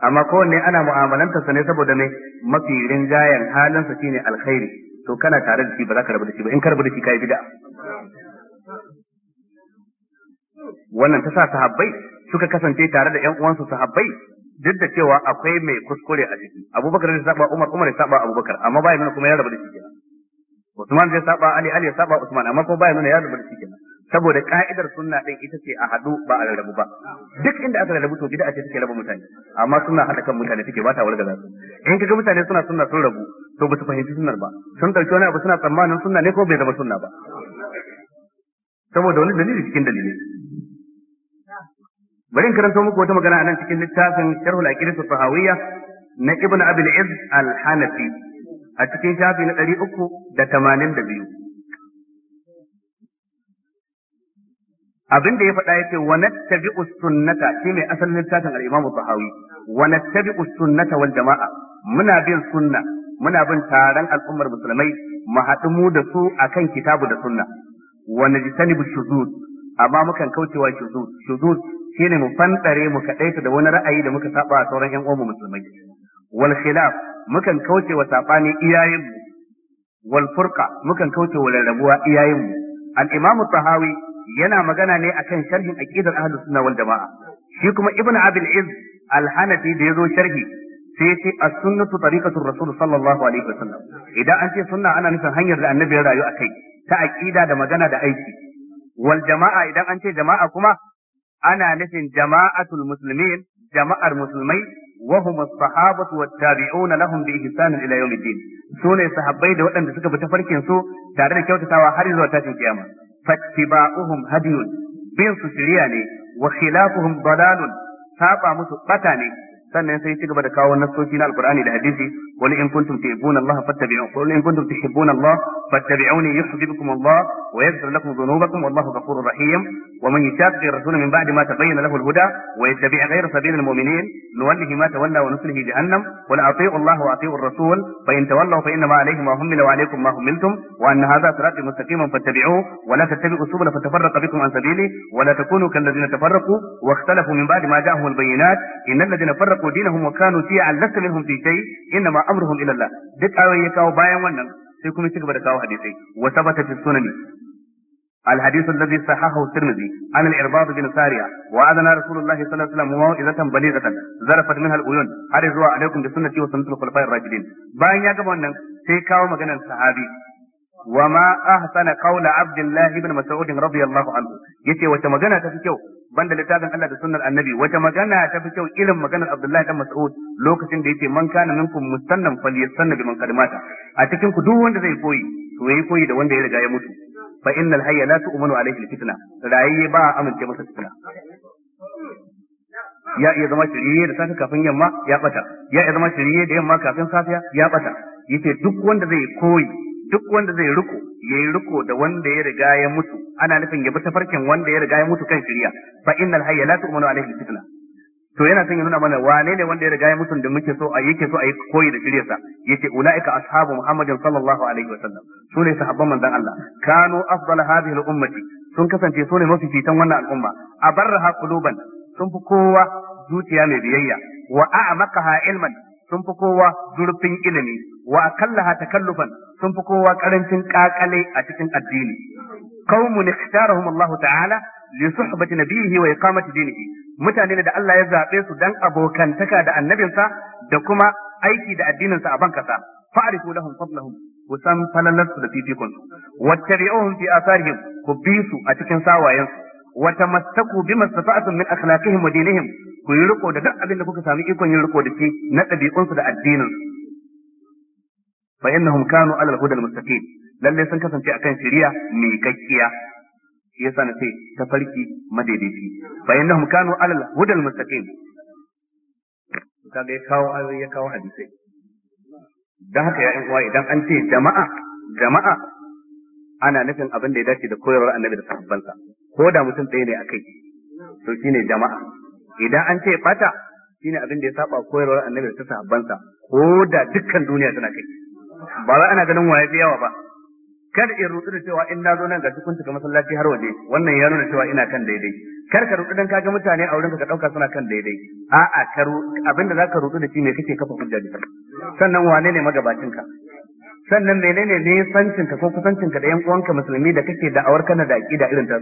Speaker 2: Amma amma kowanne ana mu'amalanta sa ne saboda ne mafi rinjayen halinsa shine alkhairi to kana tare da shi ba za ka rabu da shi ba in ka rabu da shi kai bid'a wannan ta sa sahabbai suka kasance tare da ƴan uwansu sahabbai duk da cewa akwai mai kuskure a jiki abubakar zai saba umar umar ya saba abubakar amma bai nuna kuma ya rabu da shi kenan usman zai saba ali ali ya saba usman amma kuma bai nuna ya rabu da shi kenan saboda ka'idar sunna din ita ce a hadu ba a rarrabu ba duk inda aka rarrabu to bid'a ce take raba mutane amma suna hada kan mutane take ba ta wargaza su in kaga mutane suna sunna sun rabu to ba su fahimci sunnar ba sun dauki wani abu suna tsammanin sunna ne ko bai zama sunna ba saboda wani dalili cikin dalili bari in karanta muku wata magana nan cikin littafin al aqidah sahawiyya na ibn al iz al hanafi a cikin shafi na 382 abin da ya faɗa ya ce wa nattabi'u sunnata shi mai asalin littafin al-Imam Tahawi wa nattabi'u sunnata wal jama'a muna bin sunna muna bin taron al'ummar musulmai mu haɗu mu da su akan kitabu da sunna wa najtanibu shuzuz amma mukan kaucewa shuzuz shuzuz ne mu fanɗare mu kaɗaita da wani ra'ayi da muka saba a sauran ƴan uwanmu musulmai wal khilaf mukan kauce wa sabani iyayen mu wal furqa mukan kauce wa rarrabuwa iyayen mu al imamu tahawi yana magana ne akan sharhin aqidar ahlus sunna wal jamaa shi kuma ibnu abil iz al hanafi da yazo sharhi sai yace as-sunnatu tariqatu rasul sallallahu alaihi wasallam idan an ce sunna ana nufin hanyar da annabi ya rayu akai ta aqida da magana da aiki wal jama'a idan an ce jama'a kuma ana nufin jama'atul muslimin jama'ar musulmai wa hum as-sahabatu wat tabi'una lahum bi ihsan ila yawmiddin sune sahabbai da waɗanda suka bi farkin su tare da kyautatawa har zuwa tashin kiyama fattiba'uhum hadiyun bin su shiriya ne wa khilafuhum dalalun saba musu bata ne sannan sai ci gaba da kawo nassoci na alqur'ani da hadisi قل إن كنتم تحبون الله فاتبعوني قل إن كنتم تحبون الله فاتبعوني يحببكم الله ويغفر لكم ذنوبكم والله غفور رحيم ومن يشاقق الرسول من بعد ما تبين له الهدى ويتبع غير سبيل المؤمنين نوله ما تولى ونصله جهنم قل أطيعوا الله وأطيعوا الرسول فإن تولوا فإنما عليه ما حمل وعليكم ما حملتم وأن هذا صراطي مستقيما فاتبعوه ولا تتبعوا السبل فتفرق بكم عن سبيله ولا تكونوا كالذين تفرقوا واختلفوا من بعد ما جاءهم البينات إن الذين فرقوا دينهم وكانوا شيعا لست منهم في شيء إنما amruhum ila Allah duk ayoyi ya kawo bayan wannan sai kuma ci gaba da kawo hadisai wa sabata fi sunani الحديث الذي صححه الترمذي عن الإرباض بن سارية وأذن رسول الله صلى الله عليه وسلم موعظة بليغة ذرفت منها الأذن أرجو عليكم بسنتي وسنة الخلفاء الراشدين باين يا جماعة سيكاو مجانا الصحابي وما أحسن قول عبد الله بن مسعود رضي الله عنه يتي وتمجانا تفكيو banda littafin Allah da sunnar annabi wata magana ta fi kyau irin maganar Abdullahi dan Mas'ud lokacin da yace man kana minkum mustannan falyastanna biman kadmata a cikin ku duk wanda zai koyi to yayi koyi da wanda ya riga ya mutu fa innal hayya la tu'minu alayhi alfitna rayayye ba a amince masa fitna ya iya zama shirye da safe kafin yamma ya bata ya iya zama shirye da yamma kafin safiya ya bata yace duk wanda zai koyi duk wanda zai riko ya yi riko da wanda ya riga ya mutu ana nufin ya bi tafarkin wanda ya riga ya mutu kan shirya fa innal hayya la tu'minu alaihi fitna to yana son ya nuna mana wane ne wanda ya riga ya mutu da muke so a yake so a yi koyi da shiryarsa yace ulaika ashabu muhammadin sallallahu alaihi wasallam su sahabban manzon Allah kanu afdal hadhihi al ummati sun kasance sune mafi fitan wannan al'umma abarraha quluban sun fi kowa zuciya mai biyayya wa a'maqaha ilman sun fi kowa zurfin ilimi wa akallaha takallufan sun fi kowa karancin kakale a cikin addini qaumun ikhtarahum Allah ta'ala li suhbati nabiyhi wa iqamati dinihi mutane ne da Allah ya zabe su dan abokantaka da annabinsa da kuma aiki da addininsa a bankasa fa'rifu lahum fadlahum kusan falalarsu da fifikonsu wattabi'uhum fi atharihim ku bi su a cikin sawayensu wa tamattaku bima stata'tum min akhlaqihim wa dinihim ku yi riko da duk abin da kuka sami ikon yin riko da shi na ɗabi'unsu da addinin fa innahum kanu ala al-huda al-mustaqim lalle sun kasance akan shari'a mai gaggiya shi yasa na ce ta farki madaidaici fa innahum kanu ala al-huda al-mustaqim kaga ya kawo ayoyi ya kawo hadisai dan haka ya uwa idan an ce jama'a jama'a ana nufin abin da ya dace da koyarwar annabi da sahabbansa ko da mutum ɗaya ne akai to shine jama'a idan an ce bata shine abin da ya saba koyarwar annabi ta sahabbansa ko da dukkan duniya tana kai ba za ana ganin waye fi yawa ba kar in rutu da cewa in na zo nan ga cikin ga masallaci har waje wannan ya nuna cewa ina kan daidai kar ka rutu dan kaga mutane a wurin ka dauka suna kan daidai a'a ka abinda zaka rutu da shi ne kake kafa hujja da sannan wane ne magabacin ka sannan menene ne sancin ka ko kusancin ka da yan uwanka musulmi da kake da'awar kana da aqida irin ta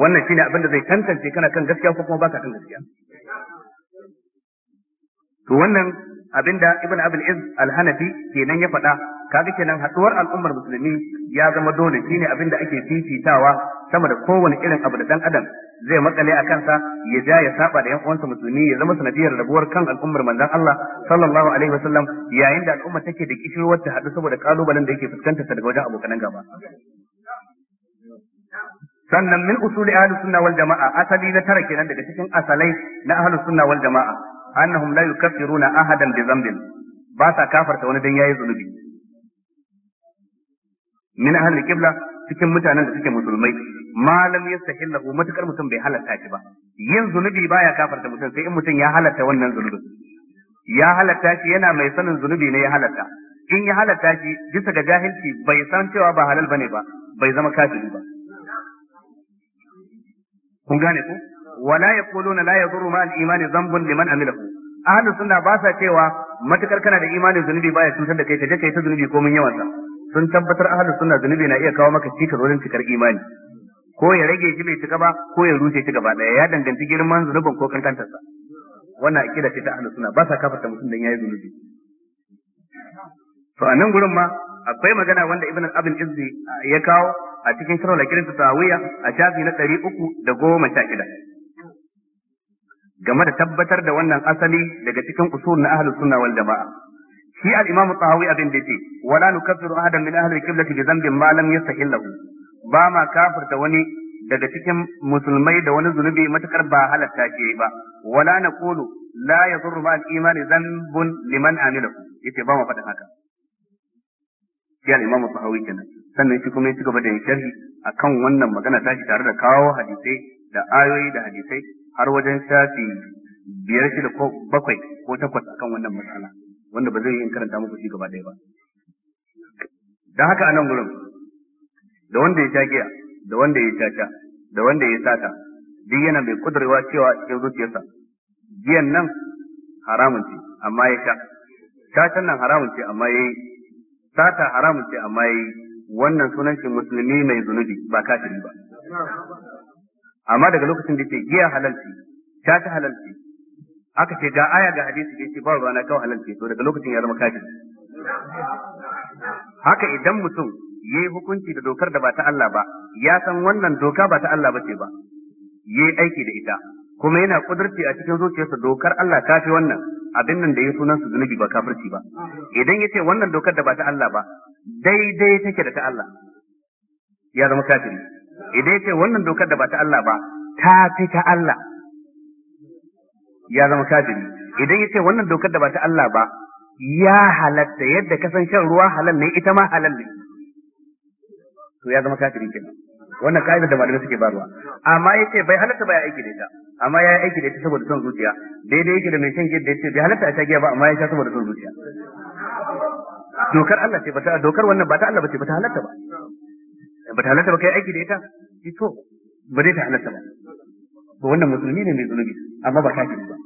Speaker 2: wannan shine abin da zai tantance kana kan gaskiya ko kuma baka kan gaskiya to wannan abinda ibn abul iz al-hanafi kenan ya faɗa kaga kenan haɗuwar al'ummar musulmi ya zama dole shine abinda ake fifitawa sama da kowane irin abu da dan adam zai makale a kansa ya ja ya saba da yan uwansa musulmi ya zama sanadiyar rabuwar kan al'ummar manzon Allah sallallahu alaihi wasallam yayin da al'umma take da kishirwar ta haɗu saboda kalubalen da yake fuskanta daga wajen abokan gaba sannan min usuli ahli sunna wal jamaa asali na tara kenan daga cikin asalai na ahli sunna wal jamaa annahum la yukaffiruna ahadan bi dhanbin ba sa kafarta wani dan yayi zunubi min ahli qibla cikin mutanen da suke musulmai ma lam yastahillahu matukar mutum bai halatta shi ba yin zunubi baya kafarta mutum sai in mutum ya halatta wannan zunubin ya halatta shi yana mai sanin zunubi ne ya halatta in ya halatta shi bisa ga jahilci bai san cewa ba halal bane ba bai zama kafiri ba kun gane ku wala yaquluna la yadurru ma al-imani dhanbun liman amila ahli sunna ba sa cewa matukar kana da imani zunubi ba ya cutar da kai kaje kai ta zunubi ko mun yawan sa sun tabbatar ahli sunna zunubi na iya kawo maka cikar wurin cikar imani ko ya rage shi bai cika ba ko ya rushe shi gaba daya ya danganci girman zunubin ko kankantar sa wannan akida ce ta ahli sunna ba sa kafarta mutum dan yayi zunubi to a nan gurin ma akwai magana wanda ibn abin izzi ya kawo a cikin shirin da kirinta tawiya a shafi na ɗari uku da goma sha shida. Game da tabbatar da wannan asali daga cikin usul na ahalus sunna wal jama'a. Shi al-Imam Tahawi abin da yake wala nukaffiru ahadan min ahli al-qiblati bi dhanbin ma lam yastahillahu. Ba ma kafirta wani daga cikin musulmai da wani zunubi matakar ba halatta ke ba wala naqulu la yadurru ma al-iman dhanbun liman amilahu yace ba faɗin haka. Shi al-Imam Tahawi kenan. sannan shi kuma ya ci gaba da yin sharhi akan wannan magana ta shi tare da kawo hadisai da ayoyi da hadisai har wajen shafi biyar shida ko bakwai ko takwas akan wannan matsala wanda ba zai yi karanta muku shi gaba ɗaya ba da haka a nan gurin da wanda ya sha giya da wanda ya caca da wanda ya sata duk yana mai kudurwa cewa a cikin zuciyarsa giyan nan haramun ce amma ya sha cacan nan haramun ce amma ya yi sata haramun ce amma ya yi wannan sunan shi musulmi mai zunubi ba kafiri ba amma daga lokacin da yake giya halalci ta ta halalci aka ce ga aya ga hadisi da yake ba rana kawo kawai halalci to daga lokacin ya zama kafiri haka idan mutum yi hukunci da dokar da ba ta Allah ba ya san wannan doka ba ta Allah ba ce ba yi aiki da ita kuma yana kudurci a cikin zuciyarsa dokar Allah ta fi wannan abin nan da ya sunan su zunubi ba kafirci ba idan yace wannan dokar da ba ta Allah ba daidai take da ta Allah ya zama kafiri idan yace wannan dokar da ba ta Allah ba ta fi ta Allah ya zama kafiri idan yace wannan dokar da ba ta Allah ba ya halatta yadda kasan shan ruwa halal ne ita ma halal ne to ya zama kafiri kenan wannan ka'idar da malamai suke barwa amma yace bai halatta ba ya aiki da ita amma ya aiki da ita saboda son zuciya daidai yake da mai shan giya da yace bai halatta a sha giya ba amma ya sha saboda son zuciya dokar Allah ce bata dokar wannan ba ta Allah bace bata halatta ba bata halatta ba kai aiki da ita eh, to ba dai ta halatta ba to wannan musulmi ne mai zunubi amma ba kafiri ba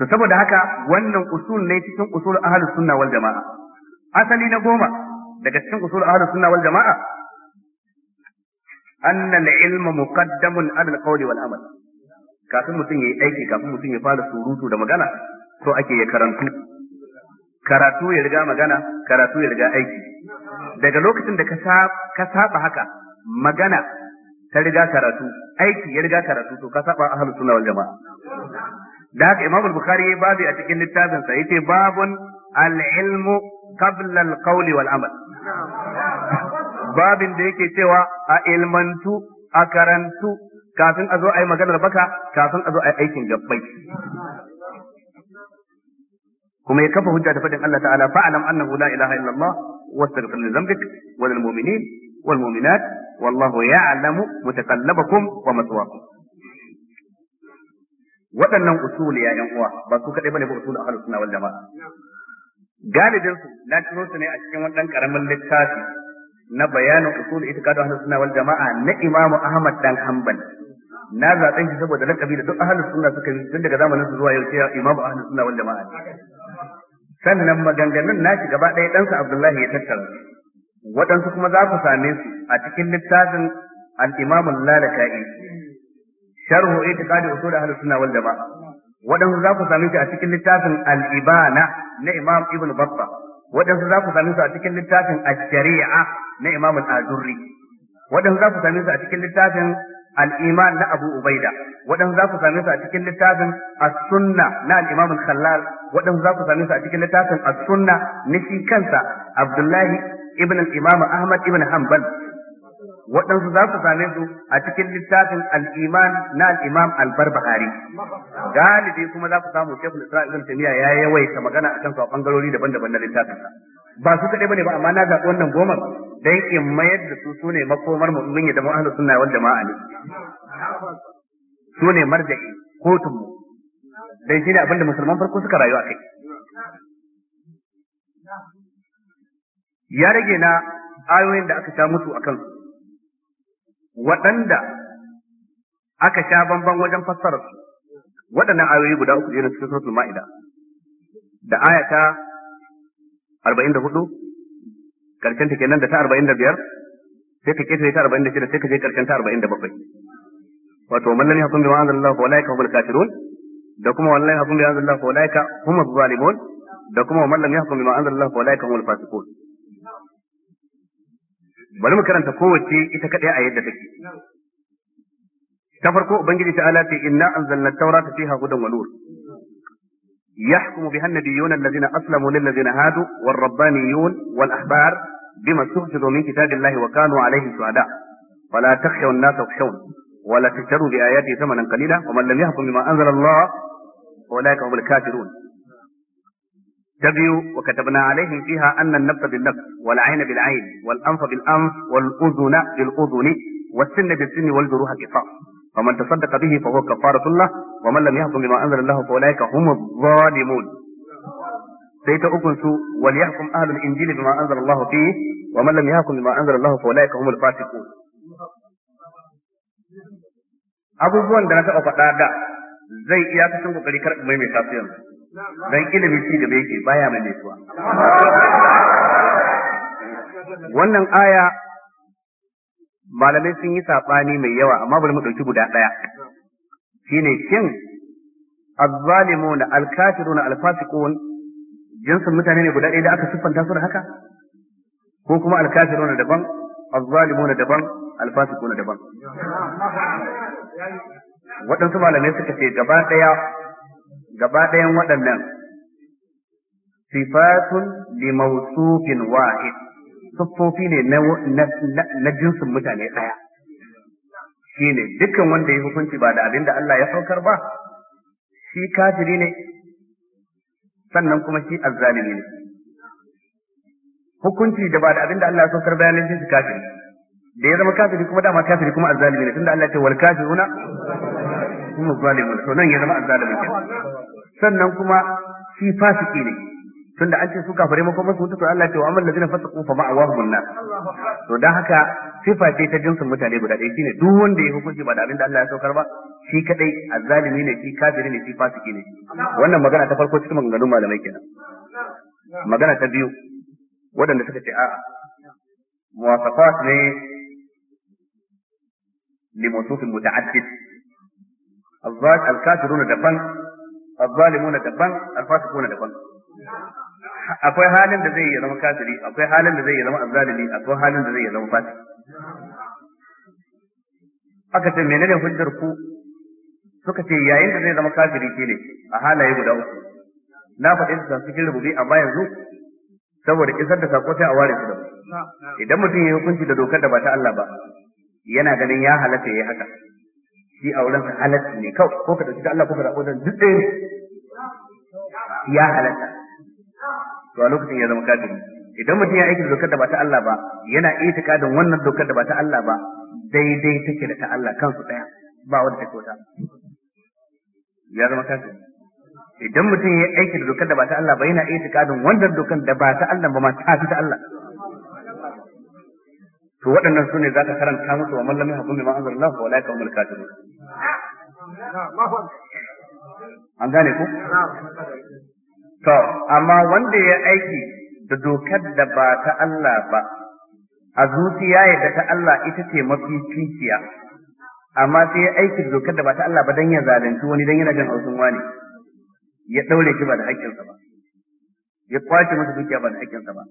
Speaker 2: to saboda haka wannan usul ne cikin usul ahlus sunna wal jamaa asali na goma daga cikin usul ahlus sunna wal jamaa anna al ilma muqaddamun ala al qawli wal amal kafin mutum yayi aiki kafin mutum ya fara surutu da magana to ake ya karantu karatu ya riga magana karatu ya riga aiki daga lokacin da ka saba haka magana ta riga karatu aiki ya riga karatu to ka saba ahlus sunna wal jamaa da haka imam bukhari ya babi a cikin littafin sa yace babun al-ilmu qabla al-qawl wal amal babin da yake cewa a ilmantu a karantu kafin a zo a yi maganar baka kafin a zo a yi aikin gabbai kuma ya kafa hujja da fadin Allah ta'ala fa'lam annahu la ilaha illallah wastaghfir li dhanbik wa lil mu'minin wal mu'minat wallahu ya'lamu mutaqallabakum wa maswaakum waɗannan usul ya yan uwa ba su kadai bane ba usul ahlus sunna wal jamaa galibin su na tiro su ne a cikin wannan karamin littafi na bayanin usul itikadu ahlus sunna wal jamaa na imamu ahmad dan hanbal na zaɓen shi saboda lakabi da duk ahlus sunna suka yi tun daga zamanin su zuwa yau cewa imamu ahlus sunna wal jamaa ne sannan maganganun nashi gaba ɗaya ɗansa Abdullahi ya tattara waɗansu kuma za ku same su a cikin littafin al-Imam al-Lalaka'i sharhu itiqadi da ahlus sunna wanda ba. waɗansu za ku same su a cikin littafin al'ibana na Imam Ibn Babba. waɗansu za ku same su a cikin littafin ash-Shari'a na Imam al-Azurri waɗansu za ku same su a cikin littafin al-iman na Abu Ubaida waɗansu za ku same su a cikin littafin as-sunna na al-Imam al-Khallal waɗansu za ku same su a cikin littafin as-sunna na shi kansa Abdullahi ibn al-Imam Ahmad ibn Hanbal waɗansu za ku same su a cikin littafin al-iman na al-Imam al-Barbahari galibi kuma za ku samu Sheikhul Islam Ibn Taymiyyah ya yawaita magana a kan su a bangarori daban-daban na littafin ba su kaɗai bane ba amma na zaɓi wannan goma dan in mayar da su sune makomar mu mun ya da ahlus sunna wal jama'a ne sune marja'i kotun mu dan shine abin da musulman farko suka rayu a kai ya rage na ayoyin da aka sha musu akan waɗanda aka sha bamban wajen fassara su waɗannan ayoyi guda uku irin su suratul ma'ida da ayata 44 karshen ta kenan da ta arba'in da biyar, sai ka ketare ta arba'in da shida, sai ka je karshen ta arba'in da bakwai. wato man lam yahkum bima Allah ko ulaika humul kafirun da kuma ya wallahi yahkum bima Allah ko ulaika humuz zalimun da kuma man lam yahkum bima Allah ko ulaika humul fasiqun bari mu karanta kowace ita kadai a yadda take ta farko ubangiji ta ala ta inna anzalna tawrata fiha hudan wa nur يحكم بها النبيون الذين أسلموا للذين هادوا والربانيون والأحبار بما استحفظوا من كتاب الله وكانوا عليه شهداء ولا تخشوا الناس واخشون ولا تشتروا بآياتي ثمنا قليلا ومن لم يحكم بما أنزل الله فأولئك هم الكافرون تبيوا وكتبنا عليهم فيها أن النفس بالنفس والعين بالعين والأنف بالأنف والأذن بالأذن والسن بالسن والجروح قصاص فمن تصدق به فهو كفارة الله ومن لم يحكم بما أنزل الله فأولئك هم الظالمون sai ta ukun su wal yahkum ahlul injil bima anzala Allah fi wa man lam abubuwan da na taɓa faɗa da zai iya kasan kokari kar mai mai tasu yanzu dan ilimi shi da yake baya mai metuwa wannan aya malamai sun yi saɓani mai yawa amma bari mu ɗauki guda ɗaya shine shin azzalimuna na alfasiqun jinsin mutane ne guda ɗaya da aka siffanta su da haka ko kuma na daban na daban na daban waɗansu malamai suka ce gaba ɗaya gaba ɗayan waɗannan sifatun li wahid siffofi ne na jinsin mutane ɗaya Shi ne dukkan wanda ya hukunci ba da abin da Allah ya saukar ba shi kafiri ne sannan kuma shi azzalimi ne hukunci da ba da abin da Allah ya saukar ba bayanin jinsi kafiri da ya zama kafiri kuma dama kafiri kuma azzalimi ne tunda Allah ya ce wal kafiruna kuma zalimun to nan ya zama azzalimi sannan kuma shi fasiki ne tunda an ce su kafare makomar masu wuta to Allah ce wa amal ladina fasaqu fa ma'awahum an-nar to dan haka sifa ce ta jinsin mutane guda ɗaya shine duk wanda ya hukunci ba da abin da Allah ya saukar ba shi kadai azzalimi ne shi kafiri ne shi fasiki ne wannan magana ta farko cikin maganganun malamai kenan magana ta biyu waɗanda suka ce a'a muwafaqat ne limusufin muta'addid الكافرون دبان الظالمون دبان الفاسقون دبان akwai halin da zai ya zama kafiri akwai halin da zai ya zama azzalimi akwai halin da zai ya zama fasik aka ce menene hujjar ku suka ce yayin da zai zama kafiri shine a halaye guda uku na faɗi su cikin rububi amma yanzu saboda isar da sako sai a ware su da idan mutum ya hukunci da dokar da ba ta Allah ba yana ganin ya halatta yi haka shi a wurin halatta ne kawai ko ka dauki da Allah ko ka dauki da duk ɗaya ya halatta to a lokacin ya zama kafiri idan mutum ya aiki dokar da ba ta Allah ba yana itikadin wannan dokar da ba ta Allah ba daidai take da ta Allah kansu daya ba wanda take wata ya zama kafiri idan mutum ya aiki da dokar da ba ta Allah ba yana itikadin wannan dokar da ba ta Allah ba ma ta ta Allah to waɗannan sune za ka karanta musu wa mallami hakun bi ma'azar Allah wa laika umul kafirun an gane ku To, amma wanda ya aiki da dokar da ba ta Allah ba, a zuciya da ta Allah ita ce mafi kinciya, amma sai ya aiki da dokar da ba ta Allah ba don ya zalunci wani don yana jin hausin wani, ya ɗaure shi ba da haƙƙinsa ba, ya kwace masa dukiya ba da haƙƙinsa ba,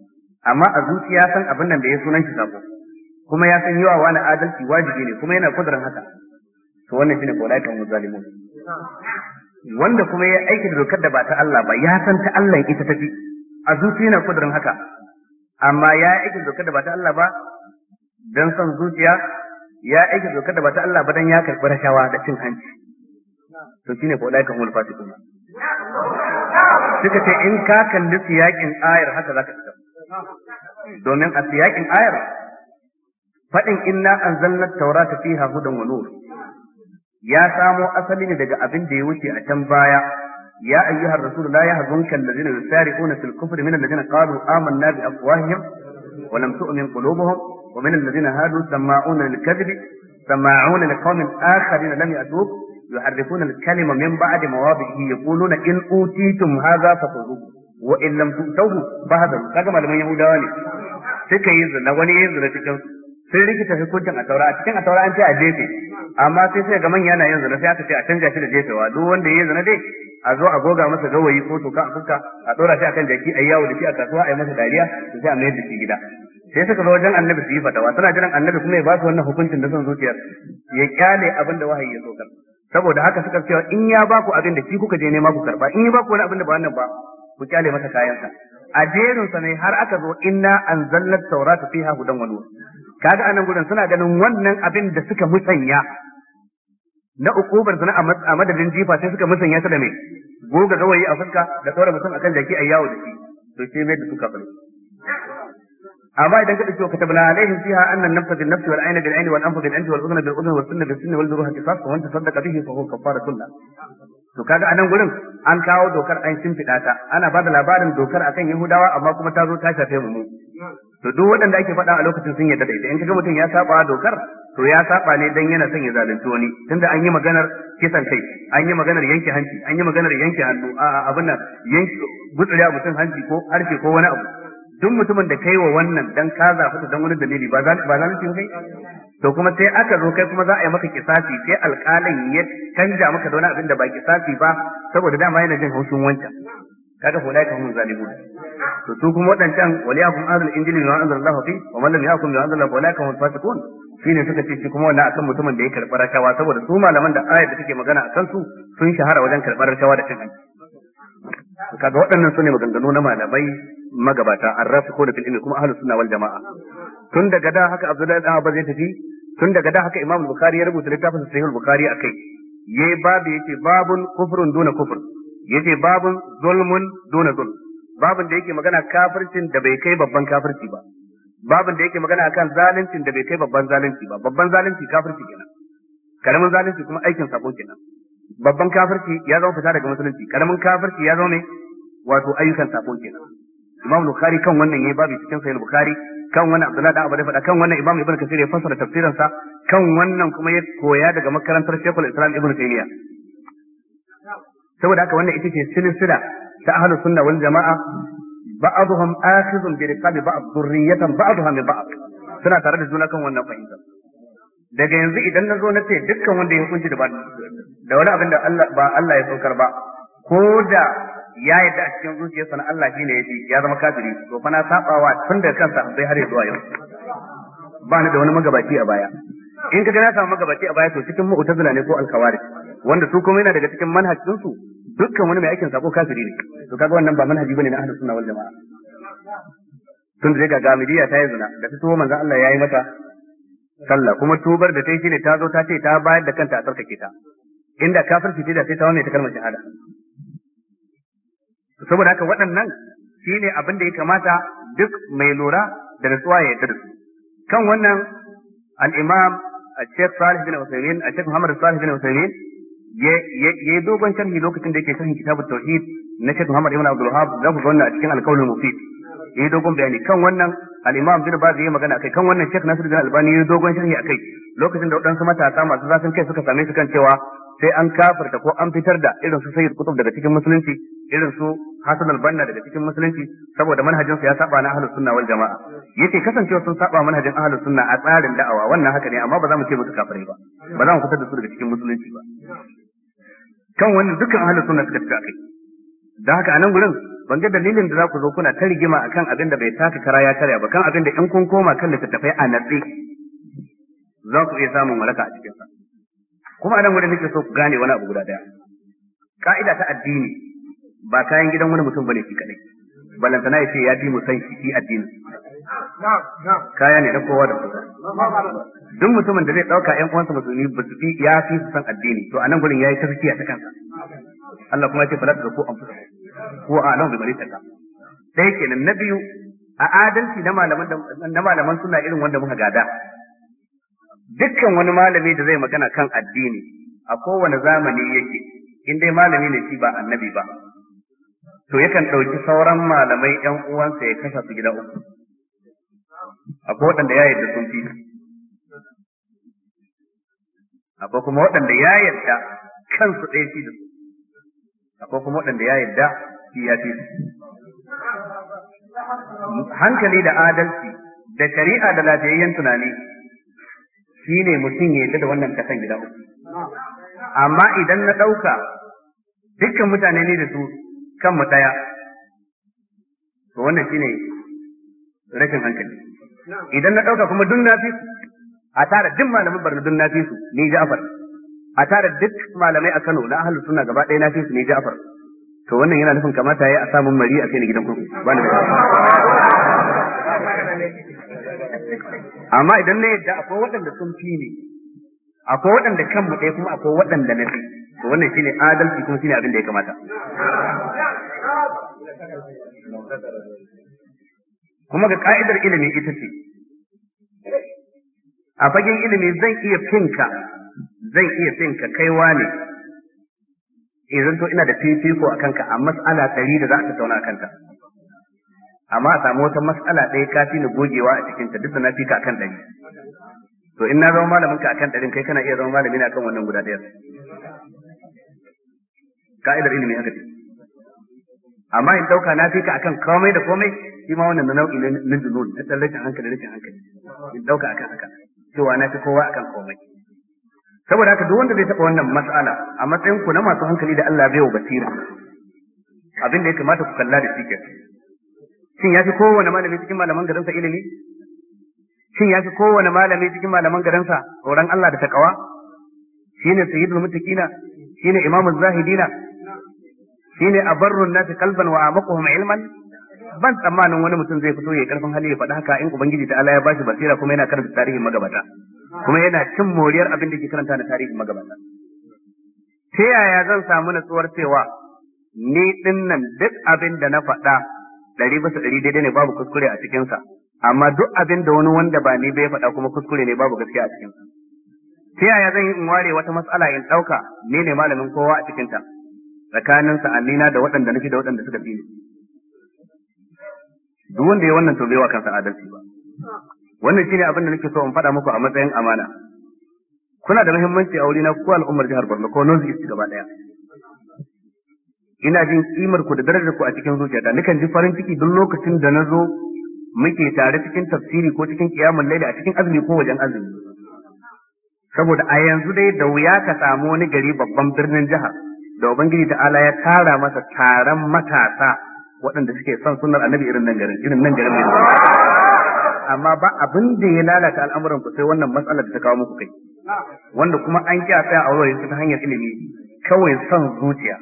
Speaker 2: amma a zuciya san abin nan da ya sunan shi sako, kuma ya san yawa wani adalci wajibi ne kuma yana kudurin haka, to wannan shi ne kolaifin zalimun. wanda kuma ya aiki da dokar da ba ta Allah ba ya san ta Allah ita tafi a zuciya yana kudurin haka amma ya aiki da dokar da ba ta Allah ba dan son zuciya ya aiki da dokar da ba ta Allah ba dan ya karɓi rashawa da cin hanci to shine ko laika hul fatikun suka ce in ka kalli siyakin ayar haka
Speaker 1: zaka fita domin a siyakin
Speaker 2: ayar faɗin inna anzalna taurata fiha hudan wa nur ya samo asali ne daga abin da ya wuce a can baya ya ayyuhar rasul la yahzunka alladhina yusari'una fil kufri min alladhina qalu amanna bi afwahihim wa lam tu'min qulubuhum wa min alladhina hadu sama'una lil kadhib sama'una li qaumin akharina lam ya'tuk يحرفون الكلمة من بعد مواضعه يقولون إن أوتيتم هذا فخذوه وإن لم تؤتوه فهذا كما لمن يهوداني سكا يزن wani يزن cikin sun rikita hukuncin a taura a cikin a taura an ce a jefe amma sai sai ga manya na yanzu na sai aka ce a canja shi da jefewa duk wanda ya yi zina dai a zo a goga masa gawayi ko toka a fuska a dora shi akan jaki a yawo da shi a kasuwa a yi masa dariya su sai a mayar da shi gida sai suka zo wajen annabi su yi fatawa suna jiran annabi kuma ya ba su wannan hukuncin da son zuciyar ya kyale abin da wahayi ya sokar saboda haka suka cewa in ya ba ku abin da shi kuka je nema ku karba in ya ba ku wani abin da ba wannan ba ku kyale masa kayansa a jerin sa ne har aka zo inna anzalna taurata fiha hudan wa nur kaga anan gurin suna ganin wannan abin da suka musanya na ukubar sana a madadin jifa sai suka musanya ta da mai goga gawayi a fuska da tsora mutum akan jaki a yawo da shi to sai mai da suka bari amma idan ka dauki katabna alaihim fiha anna an-nafsa bin-nafsi wal ayn bil ayn wal-anfa bil-anfi wal-udhna bil-udhna was-sunna bil sunna wal-ruha qisas wa anta tasaddaqa bihi fa huwa kafaratun lahu to kaga anan gurin an kawo dokar an shimfiɗa ta ana ba da labarin dokar akan yahudawa amma kuma ta zo ta shafe mu to duk waɗanda ake faɗa a lokacin sun yadda daidai in kaga mutum ya saba dokar to ya saba ne dan yana son ya zalunci wani tunda an yi maganar kisan kai an yi maganar yanke hanci an yi maganar yanke hannu a abin nan yanke gutsuri a mutum hanci ko harshe ko wani abu duk mutumin da kai wa wannan dan ka zafi dan wani dalili ba za zalunci kai to kuma sai aka zo kai kuma za a yi maka kisasi sai alƙalin ya canja maka da wani abin da ba kisasi ba saboda dama yana jin haushin wancan kaga hulai kan mun zalimu to su kuma wadancan wali yakum ahlul injili bima anzalallahu fi wa man lam yakum bima anzalallahu ulaika hum fasiqun shine suka ce shi kuma wannan akan mutumin da ya karɓi rashawa saboda su malaman da ayat da take magana akan su sun shahara wajen karɓar rashawa da cin hanci kaga waɗannan sune maganganu na malamai magabata ko da fil kuma ahlus sunna wal jamaa tun daga da haka abdullahi dan abba zai tafi tun daga da haka imam bukhari ya rubuta littafin sahih bukhari akai
Speaker 3: yayi babu yace babun
Speaker 2: kufrun duna kufr yace babun zulmun duna zulm babin da yake magana kafircin da bai kai babban kafirci ba babin da yake magana akan zaluncin da bai kai babban zalunci ba babban zalunci kafirci kenan karamin zalunci kuma aikin sako kenan babban kafirci ya zama fita daga musulunci karamin kafirci ya zama ne wato ayyukan sako kenan imam bukhari kan wannan yayi babu cikin sahih bukhari kan wannan abdullahi da 'Abdullahi faɗa kan wannan imam ibnu kasir ya fassara tafsirin sa kan wannan kuma ya koya daga makarantar shaykhul islam ibnu taymiya saboda haka wannan ita ce silsila ta ahlus sunna wal jama'a ba'dhum akhidhun bi riqabi ba'd dhurriyatan ba'dha min ba'd suna tare da juna kan wannan fahimta daga yanzu idan na zo na ce dukkan wanda ya hukunci da ba da wani abin da Allah ba Allah ya saukar ba ko da ya yadda a cikin zuciyarsa na Allah shine yaji ya zama kafiri to fa na sabawa tun da kansa sai har zuwa yau ba ni da wani magabaci a baya in ka ga na samu magabaci a baya to cikin mu'tazila ne ko alkawari wanda su kuma yana daga cikin manhajinsu dukkan wani mai aikin sako kafiri ne to kaga wannan ba manhaji bane na ahlus sunna wal jamaa tun da ga gamidiyya ta yi zina da ta tuwo manzon Allah yayi mata sallah kuma tubar da ta yi shine ta zo ta ce ta bayar da kanta a tsarkake ta inda kafirci ce da sai ta wannan ta kalmar shahada saboda haka waɗannan shine abin da ya kamata duk mai lura da nutsuwa ya yarda su kan wannan al-imam salih bin بن al-sheikh muhammad salih bin عثيمين ya yi dogon sharhi lokacin da yake sharhin kitabut tauhid na Sheikh Muhammad Ibn Abdul Wahhab za ku ga wannan a cikin alƙawarin mufid ya yi dogon bayani kan wannan al-Imam Ibn Baz ya magana akai kan wannan Sheikh Nasiruddin Albani ya yi dogon sharhi akai lokacin da waɗansu matasa masu zafin kai suka same su kan cewa sai an kafirta ko an fitar da irin su Sayyid Qutb daga cikin musulunci irin su Hassan al-Banna daga cikin musulunci saboda manhajin su ya saba na ahlus sunna wal jamaa yace kasancewa sun saba manhajin ahlus sunna a tsarin da'awa wannan haka ne amma ba za mu ce musu kafirai ba ba za mu fitar da su daga cikin musulunci ba kan wannan dukkan ahlus sunna suka tafi akai dan haka anan gurin ban ga dalilin da za ku zo kuna ta rigima akan abin da bai saka kara ya karya ba kan abin da in kun koma kan littattafai a natsi za ku iya samun waraka a cikin sa kuma anan gurin nake so ku gane wani abu guda daya ka'ida ta addini ba kayan gidan wani mutum bane shi kadai balantana ya ce ya bi mu san shi addini kaya ne na kowa da kusa. duk mutumin da zai dauka 'yan uwansa musulmi ba su fi ya fi su san addini to a anan gurin yayi tafkiya ta kansa Allah kuma ya ce bala ga ko an fusa ko a nan bai bari ta yake nan na biyu a adalci na malaman na malaman suna irin wanda muka gada dukkan wani malami da zai magana kan addini a kowane zamani yake in dai malami ne shi ba annabi ba to yakan ɗauki sauran malamai 'yan uwansa ya kasa su gida uku akwai waɗanda ya yarda sun fi akwai kuma waɗanda ya yarda kansu ɗaya fi da su akwai kuma waɗanda ya yarda shi ya fi su hankali da adalci da shari'a da lafiyayyen tunani shi ne mutum ya yarda da wannan kasan gida uku amma idan na ɗauka dukkan mutane ne da su kanmu ɗaya to wannan shi ne rashin hankali idan na ɗauka kuma dun na su a tara duk malamin barna dun na su ni Ja'far a tara duk malamai a Kano na ahlus sunna gaba ɗaya na su ni Ja'far to wannan yana nufin kamata yayi a samun mari a kai ni gidan kurkuku ba ni amma idan na yadda akwai waɗanda sun fi ni akwai waɗanda kanmu ɗaya kuma akwai waɗanda na fi to wannan shine adalci kuma shine abin da ya kamata kuma ga ka'idar ilimi ita ce a fagen ilimi zan iya finka zan iya finka kaiwa ne idan eh, to ina da fifiko a kanka a mas'ala ɗari da za ka tauna a kanta amma a samu wata mas'ala ɗaya ka fi ni gogewa a cikinta duk da na fi ka kan ɗari to in na zama malamin ka kan ɗarin kai kana iya zama malami na kan wannan guda ɗaya ka'idar ilimi haka ce amma in ɗauka na fi ka akan komai da komai shi ma wannan nau'i ne na junun na dan rashin hankali rashin hankali in dauka akan haka cewa na fi kowa akan komai saboda haka duk wanda zai taɓa wannan mas'ala a matsayin ku na masu hankali da Allah bai wa basira abin da ya kamata ku kalla da shi ke shin ya fi kowane malami cikin malaman garinsa ilimi shin ya fi kowane malami cikin malaman garinsa tsoron Allah da takawa shine sayyidul muttaqina shine imamul zahidina shine abarrun nasi qalban wa amaquhum ilman ban tsammanin wani mutum zai fito ya karfin hali ya faɗa haka in ubangiji ta Allah ya bashi basira kuma yana karanta tarihin magabata kuma yana cin moriyar abin da ke karanta na tarihin magabata ta yaya zan samu natsuwar cewa ni dinnan duk abin da na faɗa ɗari bisa ɗari daidai ne babu kuskure a cikinsa amma duk abin da wani wanda ba ni bai faɗa kuma kuskure ne babu gaskiya a cikinsa ta yaya zan yi in ware wata matsala in ɗauka ni ne malamin kowa a cikinta tsakanin sa'annina da waɗanda nake da waɗanda suka fi ni duk wanda ya wannan tobewa kansa adalci ba wannan shine abin da nake so in faɗa muku a matsayin amana kuna da muhimmanci a wurina ko al'ummar jihar Borno ko nan East gaba daya ina jin kimar ku da darajar ku a cikin zuciyata nakan ji farin ciki duk lokacin da na zo muke tare cikin tafsiri ko cikin kiyamul laila a cikin azumi ko wajen azumi saboda a yanzu dai da wuya ka samu wani gari babban birnin jihar, da ubangiji ta'ala ya tara masa taron matasa waɗanda suke son sunnar annabi irin nan garin irin nan garin amma ba abin da ya lalata al'amuran ku sai wannan matsalar da ta kawo muku kai wanda kuma an ki a tsaya a wurin ta hanyar ilimi kawai son zuciya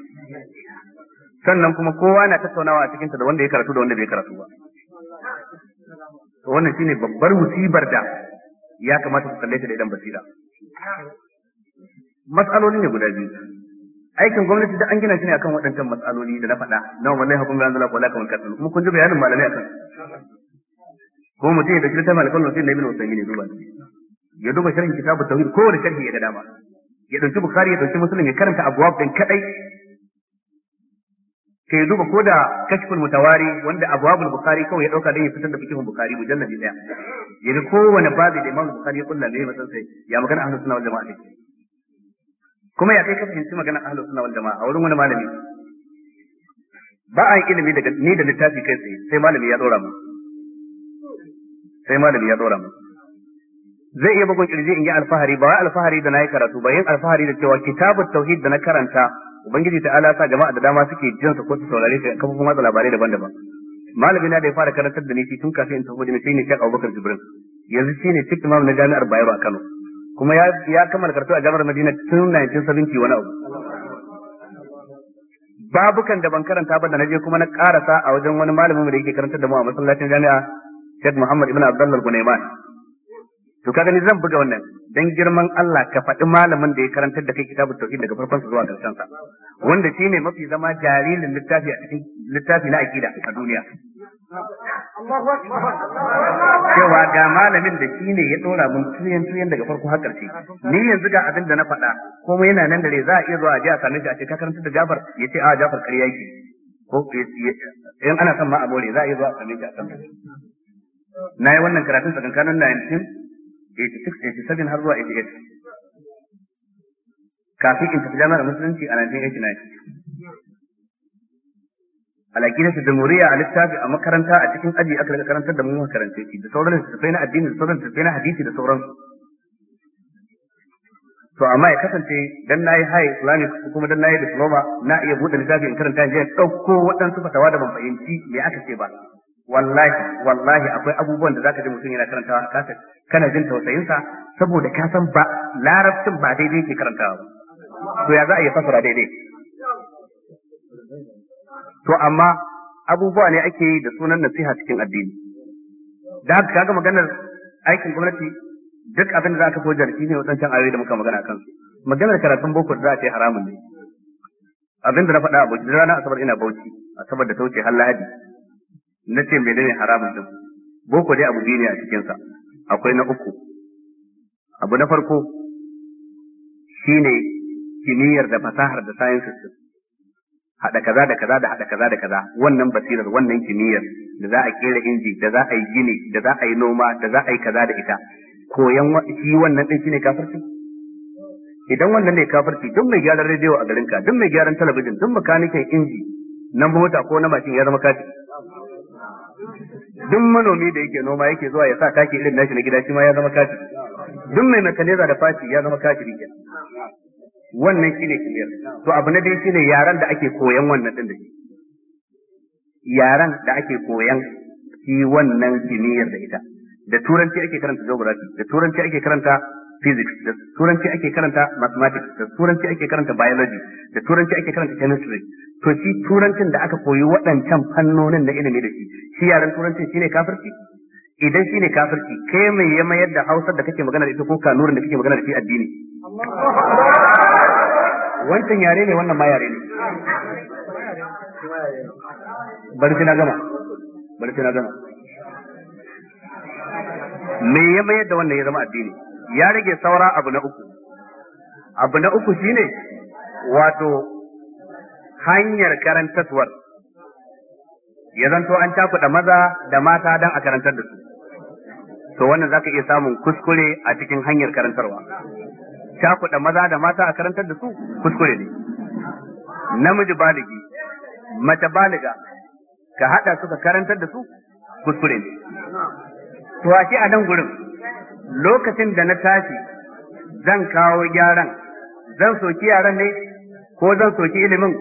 Speaker 2: sannan kuma kowa na tattaunawa a cikinta da wanda ya karatu da wanda bai karatu ba to wannan shine babbar musibar da ya kamata ku kalle ta da idan basira matsaloli ne guda biyu aikin gwamnati da an gina shi ne akan waɗancan matsaloli da na faɗa na wallahi hakun ga zala wala kamar kasu mu kun ji bayanin malamai akan ko mutum ya dauki littafin alƙalin sai na ibn usaimi ne duba ya duba sharhin kitabu tauhid wani sharhi ya ga dama ya dauki bukhari ya dauki muslim ya karanta abwab din kadai kai duba ko da kashful mutawari wanda abwabul bukhari kawai ya dauka dan ya fitar da fikihun bukhari mujalladi daya yaga kowane babu da imam bukhari ya kulla ne masan sai ya magana ahlus sunna wal jama'a kuma ya kai ka fahimci maganar ahlus sunna wal jama'a a wurin wani malami ba a ilimi daga ni da littafi kai tsaye sai malami ya dora mu sai malami ya dora mu zai iya bugun kirji in yi alfahari ba wai alfahari da na yi karatu ba yin alfahari da cewa kitabut tauhid da na karanta ubangiji ta ala sa jama'a da dama suke jin ko su saurare shi kafofin watsa labarai daban-daban malami na da ya fara karantar da ni shi tun kafin in tafi wajen ne Sheikh Abubakar Jibril yanzu shi ne Sheikh Imam na Jami'ar Bayero a Kano kuma ya ya kammala karatu a jami'ar Madina tun 1970 wani abu babukan da ban karanta ba da je kuma na karasa a wajen wani malamin da yake karantar da mu a masallacin jami'a Sheikh Muhammad ibn Abdullah Gunaiman to kaga ni zan buga wannan dan girman Allah ka faɗi malamin da ya karantar da kai kitabut tauhid daga farkon zuwa karshen sa wanda shine mafi zama jaririn littafi a cikin littafi na akida a duniya cewa ga malamin da shi ne ya ɗora mun tuyen tuyen daga farko har ƙarshe ni yanzu ga abin da na faɗa kuma yana nan da za a iya zuwa a ji a sami shi a ce ka karanta da Jafar ya ce a ah, Jafar ƙarya yake ko in ana son ma a bore za a iya zuwa a sami shi a shi. na yi wannan karatun tsakankanin 1986 87 har zuwa 88 kafin in tafi jami'ar musulunci a 1989 alaƙi ta jamhuriya a littafi a makaranta a cikin aji aka rika karantar da mu makarantar shi da sauran littattafai na addini da sauran littattafai na hadisi da sauran to amma ya kasance dan nayi high fulani ko kuma dan nayi diploma na iya buɗe littafi in karanta in dauko waɗansu fatawa da ban fahimci me aka ce ba wallahi wallahi akwai abubuwan da zaka ji mutum yana karantawa a kasar kana jin tausayinsa saboda ka san ba larabcin ba daidai ke karantawa
Speaker 1: ba to ya za a
Speaker 2: iya fasara daidai to amma abubuwa ne ake yi da sunan nasiha cikin addini da haka kaga maganar aikin gwamnati duk abin da za ka fojar shine wadancan ayoyi da muka magana kan su maganar karatun boko da za ta yi haramun ne abin da na faɗa abu da rana asabar ina bauchi asabar da ta wuce har lahadi na ce menene haramun din boko dai abu biyu ne a cikinsa akwai na uku abu na farko shine kimiyyar da fasahar da sciences haɗa kaza da kaza da haɗa kaza da kaza wannan basirar wannan kimiyyar da za a kera inji da za a yi gini da za a yi noma da za a yi kaza da ita koyan shi wannan ɗin shine kafirci idan wannan ne kafirci duk mai gyaran rediyo a garinka duk mai gyaran talabijin duk makanikin inji na mota ko na mashin ya zama kafi duk manomi da yake noma yake zuwa ya sa taki irin nashi na gida shi ma ya zama kafi duk mai makaniza da fashi ya zama kafi kenan wannan shine kibiyar to abu na biyu shine yaran da ake koyan wannan din da shi yaran da ake koyan shi wannan kimiyyar da ita da turanci ake karanta geography da turanci ake karanta physics da turanci ake karanta mathematics da turanci ake karanta biology da turanci ake karanta chemistry to shi turancin da aka koyi waɗancan fannonin na ilimi da shi shi yaran turancin shine kafirci idan shine kafirci kai mai ya mayar da hausar da kake magana da ita ko kanurin da kake magana da shi addini
Speaker 3: wancan yare ne wannan ma yare ne bari sai na gama
Speaker 2: bari sai na gama me ya mayar da wannan ya zama addini ya rage saura abu na uku abu na uku shine wato hanyar karantarwar ya zanto an cakuɗa maza da mata don a karantar da su to wannan zaka iya samun kuskure a cikin hanyar karantarwa cakuɗa maza da mata a karantar da su kuskure ne namiji baligi mace baliga ka haɗa suka karantar da su kuskure ne to a a nan gurin lokacin da na tashi zan kawo gyaran zan soki yaran ne ko zan soki ilimin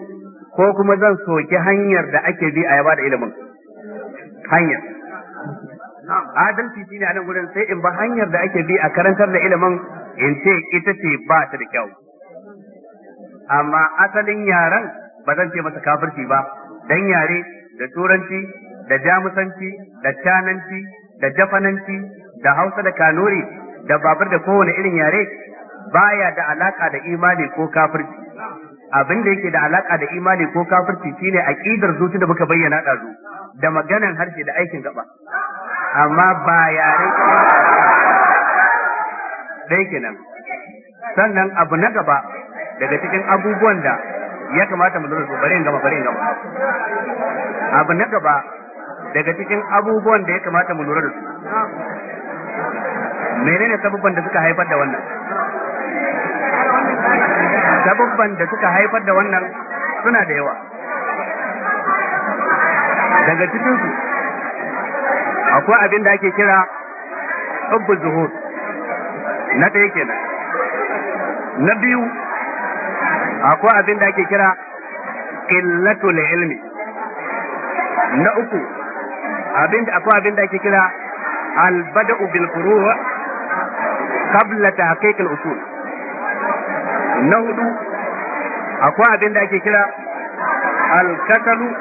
Speaker 2: ko kuma zan soki hanyar da ake bi a yaba da ilimin hanyar adalci shine a nan gurin sai in ba hanyar da ake bi a karantar da ilimin in ce ita ce ba ta da kyau amma asalin yaren ba zan ce masa kafirci ba dan yare da turanci da jamusanci da cananci da jafananci da hausa da kanuri da babur da kowane irin yare baya da alaka da imani ko kafirci abin da yake da alaka da imani ko kafirci shine aqidar zuci da muka bayyana ɗazu da maganan harshe da aikin gaba amma ba yare ɗaya kenan sannan abu na gaba daga cikin abubuwan da ya kamata mu lura su bari in gama bari in gama abu na gaba daga cikin abubuwan da ya kamata mu lura da su menene sabubban da suka haifar da wannan sabubban da suka haifar da wannan suna da yawa daga cikinsu akwai abin da ake kira hubbu zuhur na ɗaya kenan na biyu akwai abin da ake kira ƙillatul ilmi na uku abin da akwai abin da ake kira albada'u bil furu' qabla tahqiq al usul na hudu akwai abin da ake kira al katalu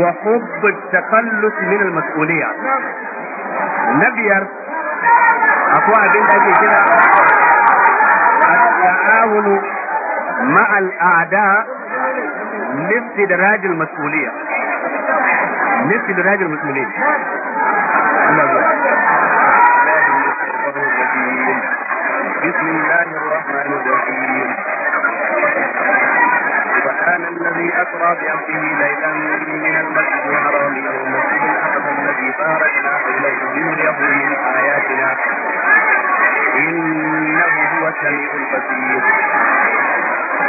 Speaker 2: wa hubb at taqallus min al mas'uliyya na biyar التعاون مع الاعداء نفس دراج المسؤولية نفس دراج المسؤولية
Speaker 3: بسم الله الرحمن الرحيم سبحان الذي اسرى بعبده ليلا من المسجد الحرام الى المسجد الاقصى الذي بارك من آياتنا إنه هو السميع البصير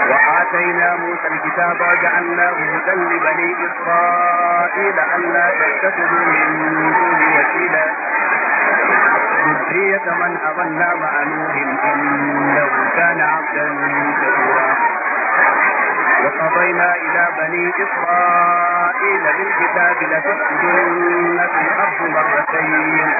Speaker 3: وآتينا موسى الكتاب وجعلناه هدى لبني إسرائيل ألا تتخذوا من دوني وكيلا ذرية من أضلنا مع نوح إنه كان عبدا شكورا وقضينا إلى بني إسرائيل قيل بالكتاب لتسجدن في الأرض مرتين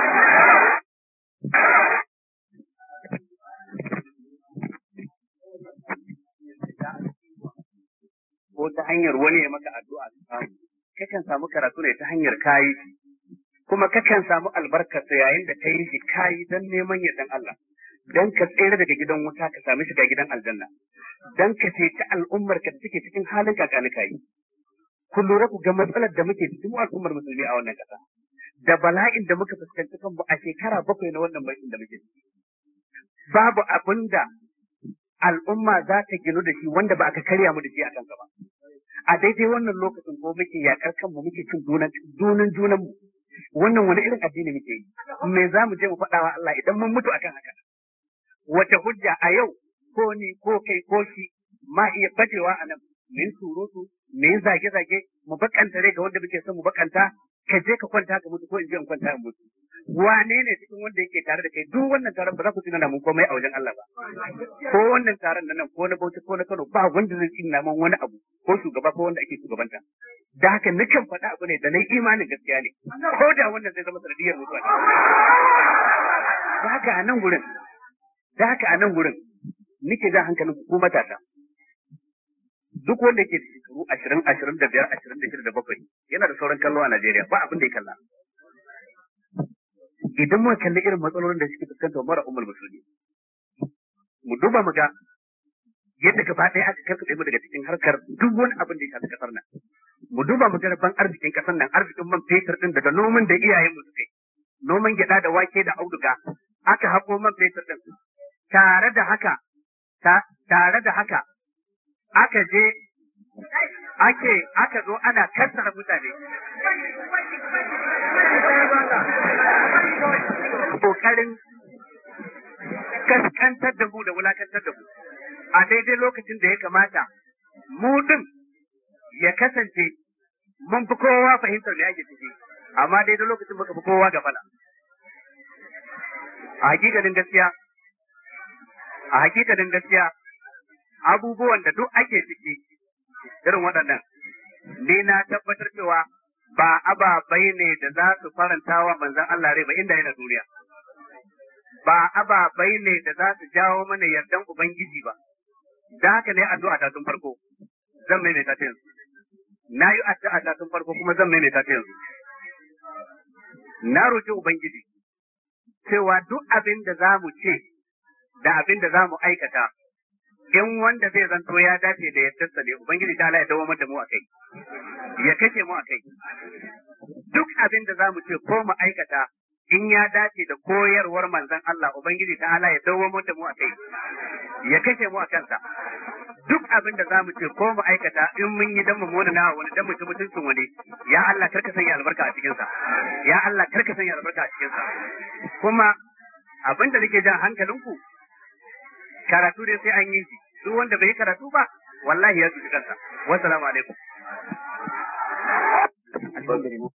Speaker 2: ko ta hanyar wani ya maka addu'a ka samu kakan samu karatu ne ta hanyar kayi kuma kakan samu ta yayin da kai shi kayi dan neman yardan Allah dan ka tsere daga gidan wuta ka sami shiga gidan aljanna dan ka ta al'ummar ka da take cikin halin kakani kayi kun lura ku ga matsalar da muke cikin al'ummar musulmi a wannan ƙasa da bala'in da muka fuskanci kanmu a shekara bakwai na wannan bakin da muke ciki babu abin al'umma za ta ginu da shi wanda ba aka karya mu da shi a kan gaba a daidai wannan lokacin ko muke yaƙar kanmu muke cin dunan junanmu wannan wani irin addini muke yi me za mu je mu faɗawa Allah idan mun mutu akan haka wata hujja a yau ko ni ko kai ko shi ma iya bajewa a nan min yi surutu me yin zage zage mu bakanta rai ga wanda muke son mu bakanta ka je ka kwanta ka mutu ko in je in kwanta in mutu wane ne cikin wanda yake tare da kai duk wannan taron ba za ku tunana mun komai a wajen Allah ba ko wannan taron nan ko na bauta ko na Kano ba wanda zai tunana mun wani abu ko shugaba ko wanda ake shugabanta da haka nakan faɗa abu ne da nai imanin gaskiya ne ko da wannan zai zama sanadiyar mutuwa da haka a nan gurin da haka a nan gurin nake jan hankalin ku matasa duk wanda ke da shekaru ashirin ashirin da biyar ashirin da shida da bakwai yana da sauran kallo a Najeriya ba abin da ya kalla. Idan muka kalli irin matsalolin da suke fuskanta mara umar musulmi mu duba mu ga yadda gaba ɗaya aka kasa mu daga cikin harkar duk wani abin da ya shafi ƙasar nan. Mu duba mu ga ban arzikin ƙasar nan arzikin man fetur ɗin daga noman da iyayen mu suke yi. Noman gyaɗa da wake da auduga aka haƙo man fetur ɗin. Tare da haka tare da haka aka je
Speaker 3: ake aka zo ana kassara mutane kokarin kaskantar
Speaker 2: da mu da wulakantar da mu a daidai lokacin da ya kamata mu din ya kasance mun fi kowa fahimtar me ake ciki amma daidai lokacin muka fi kowa gabana. a hakikalin gaskiya a hakikalin gaskiya abubuwan da duk ake ciki irin waɗannan ni na tabbatar cewa ba ababai ne da za su faranta wa manzan Allah rai ba inda yana duniya ba ababai ne da za su jawo mana yardan ubangiji ba da haka ne addu'a ta tun farko zan mai ta yanzu na yi addu'a ta tun farko kuma zan mai ta yanzu na roƙi ubangiji cewa duk abin da za mu ce da abin da za mu aikata in wanda zai zanto ya dace da ya ne ubangiji ta ya dawo da mu a kai ya kashe mu a kai duk abin da zamu ce ko mu aikata in ya dace da koyarwar manzon Allah ubangiji ta ya dawo da mu a
Speaker 3: kai ya kashe
Speaker 2: mu a kansa duk abin da zamu ce ko mu aikata in mun yi dan mu mona na wani dan mu ci mutuncin wani ya Allah karka sanya albarka a cikin sa ya Allah karka sanya
Speaker 3: albarka a cikin sa
Speaker 2: kuma abin da nake jan hankalinku karatu dai sai an yi shi duk wanda bai karatu ba wallahi ya tuji kansa
Speaker 1: salamu alaikum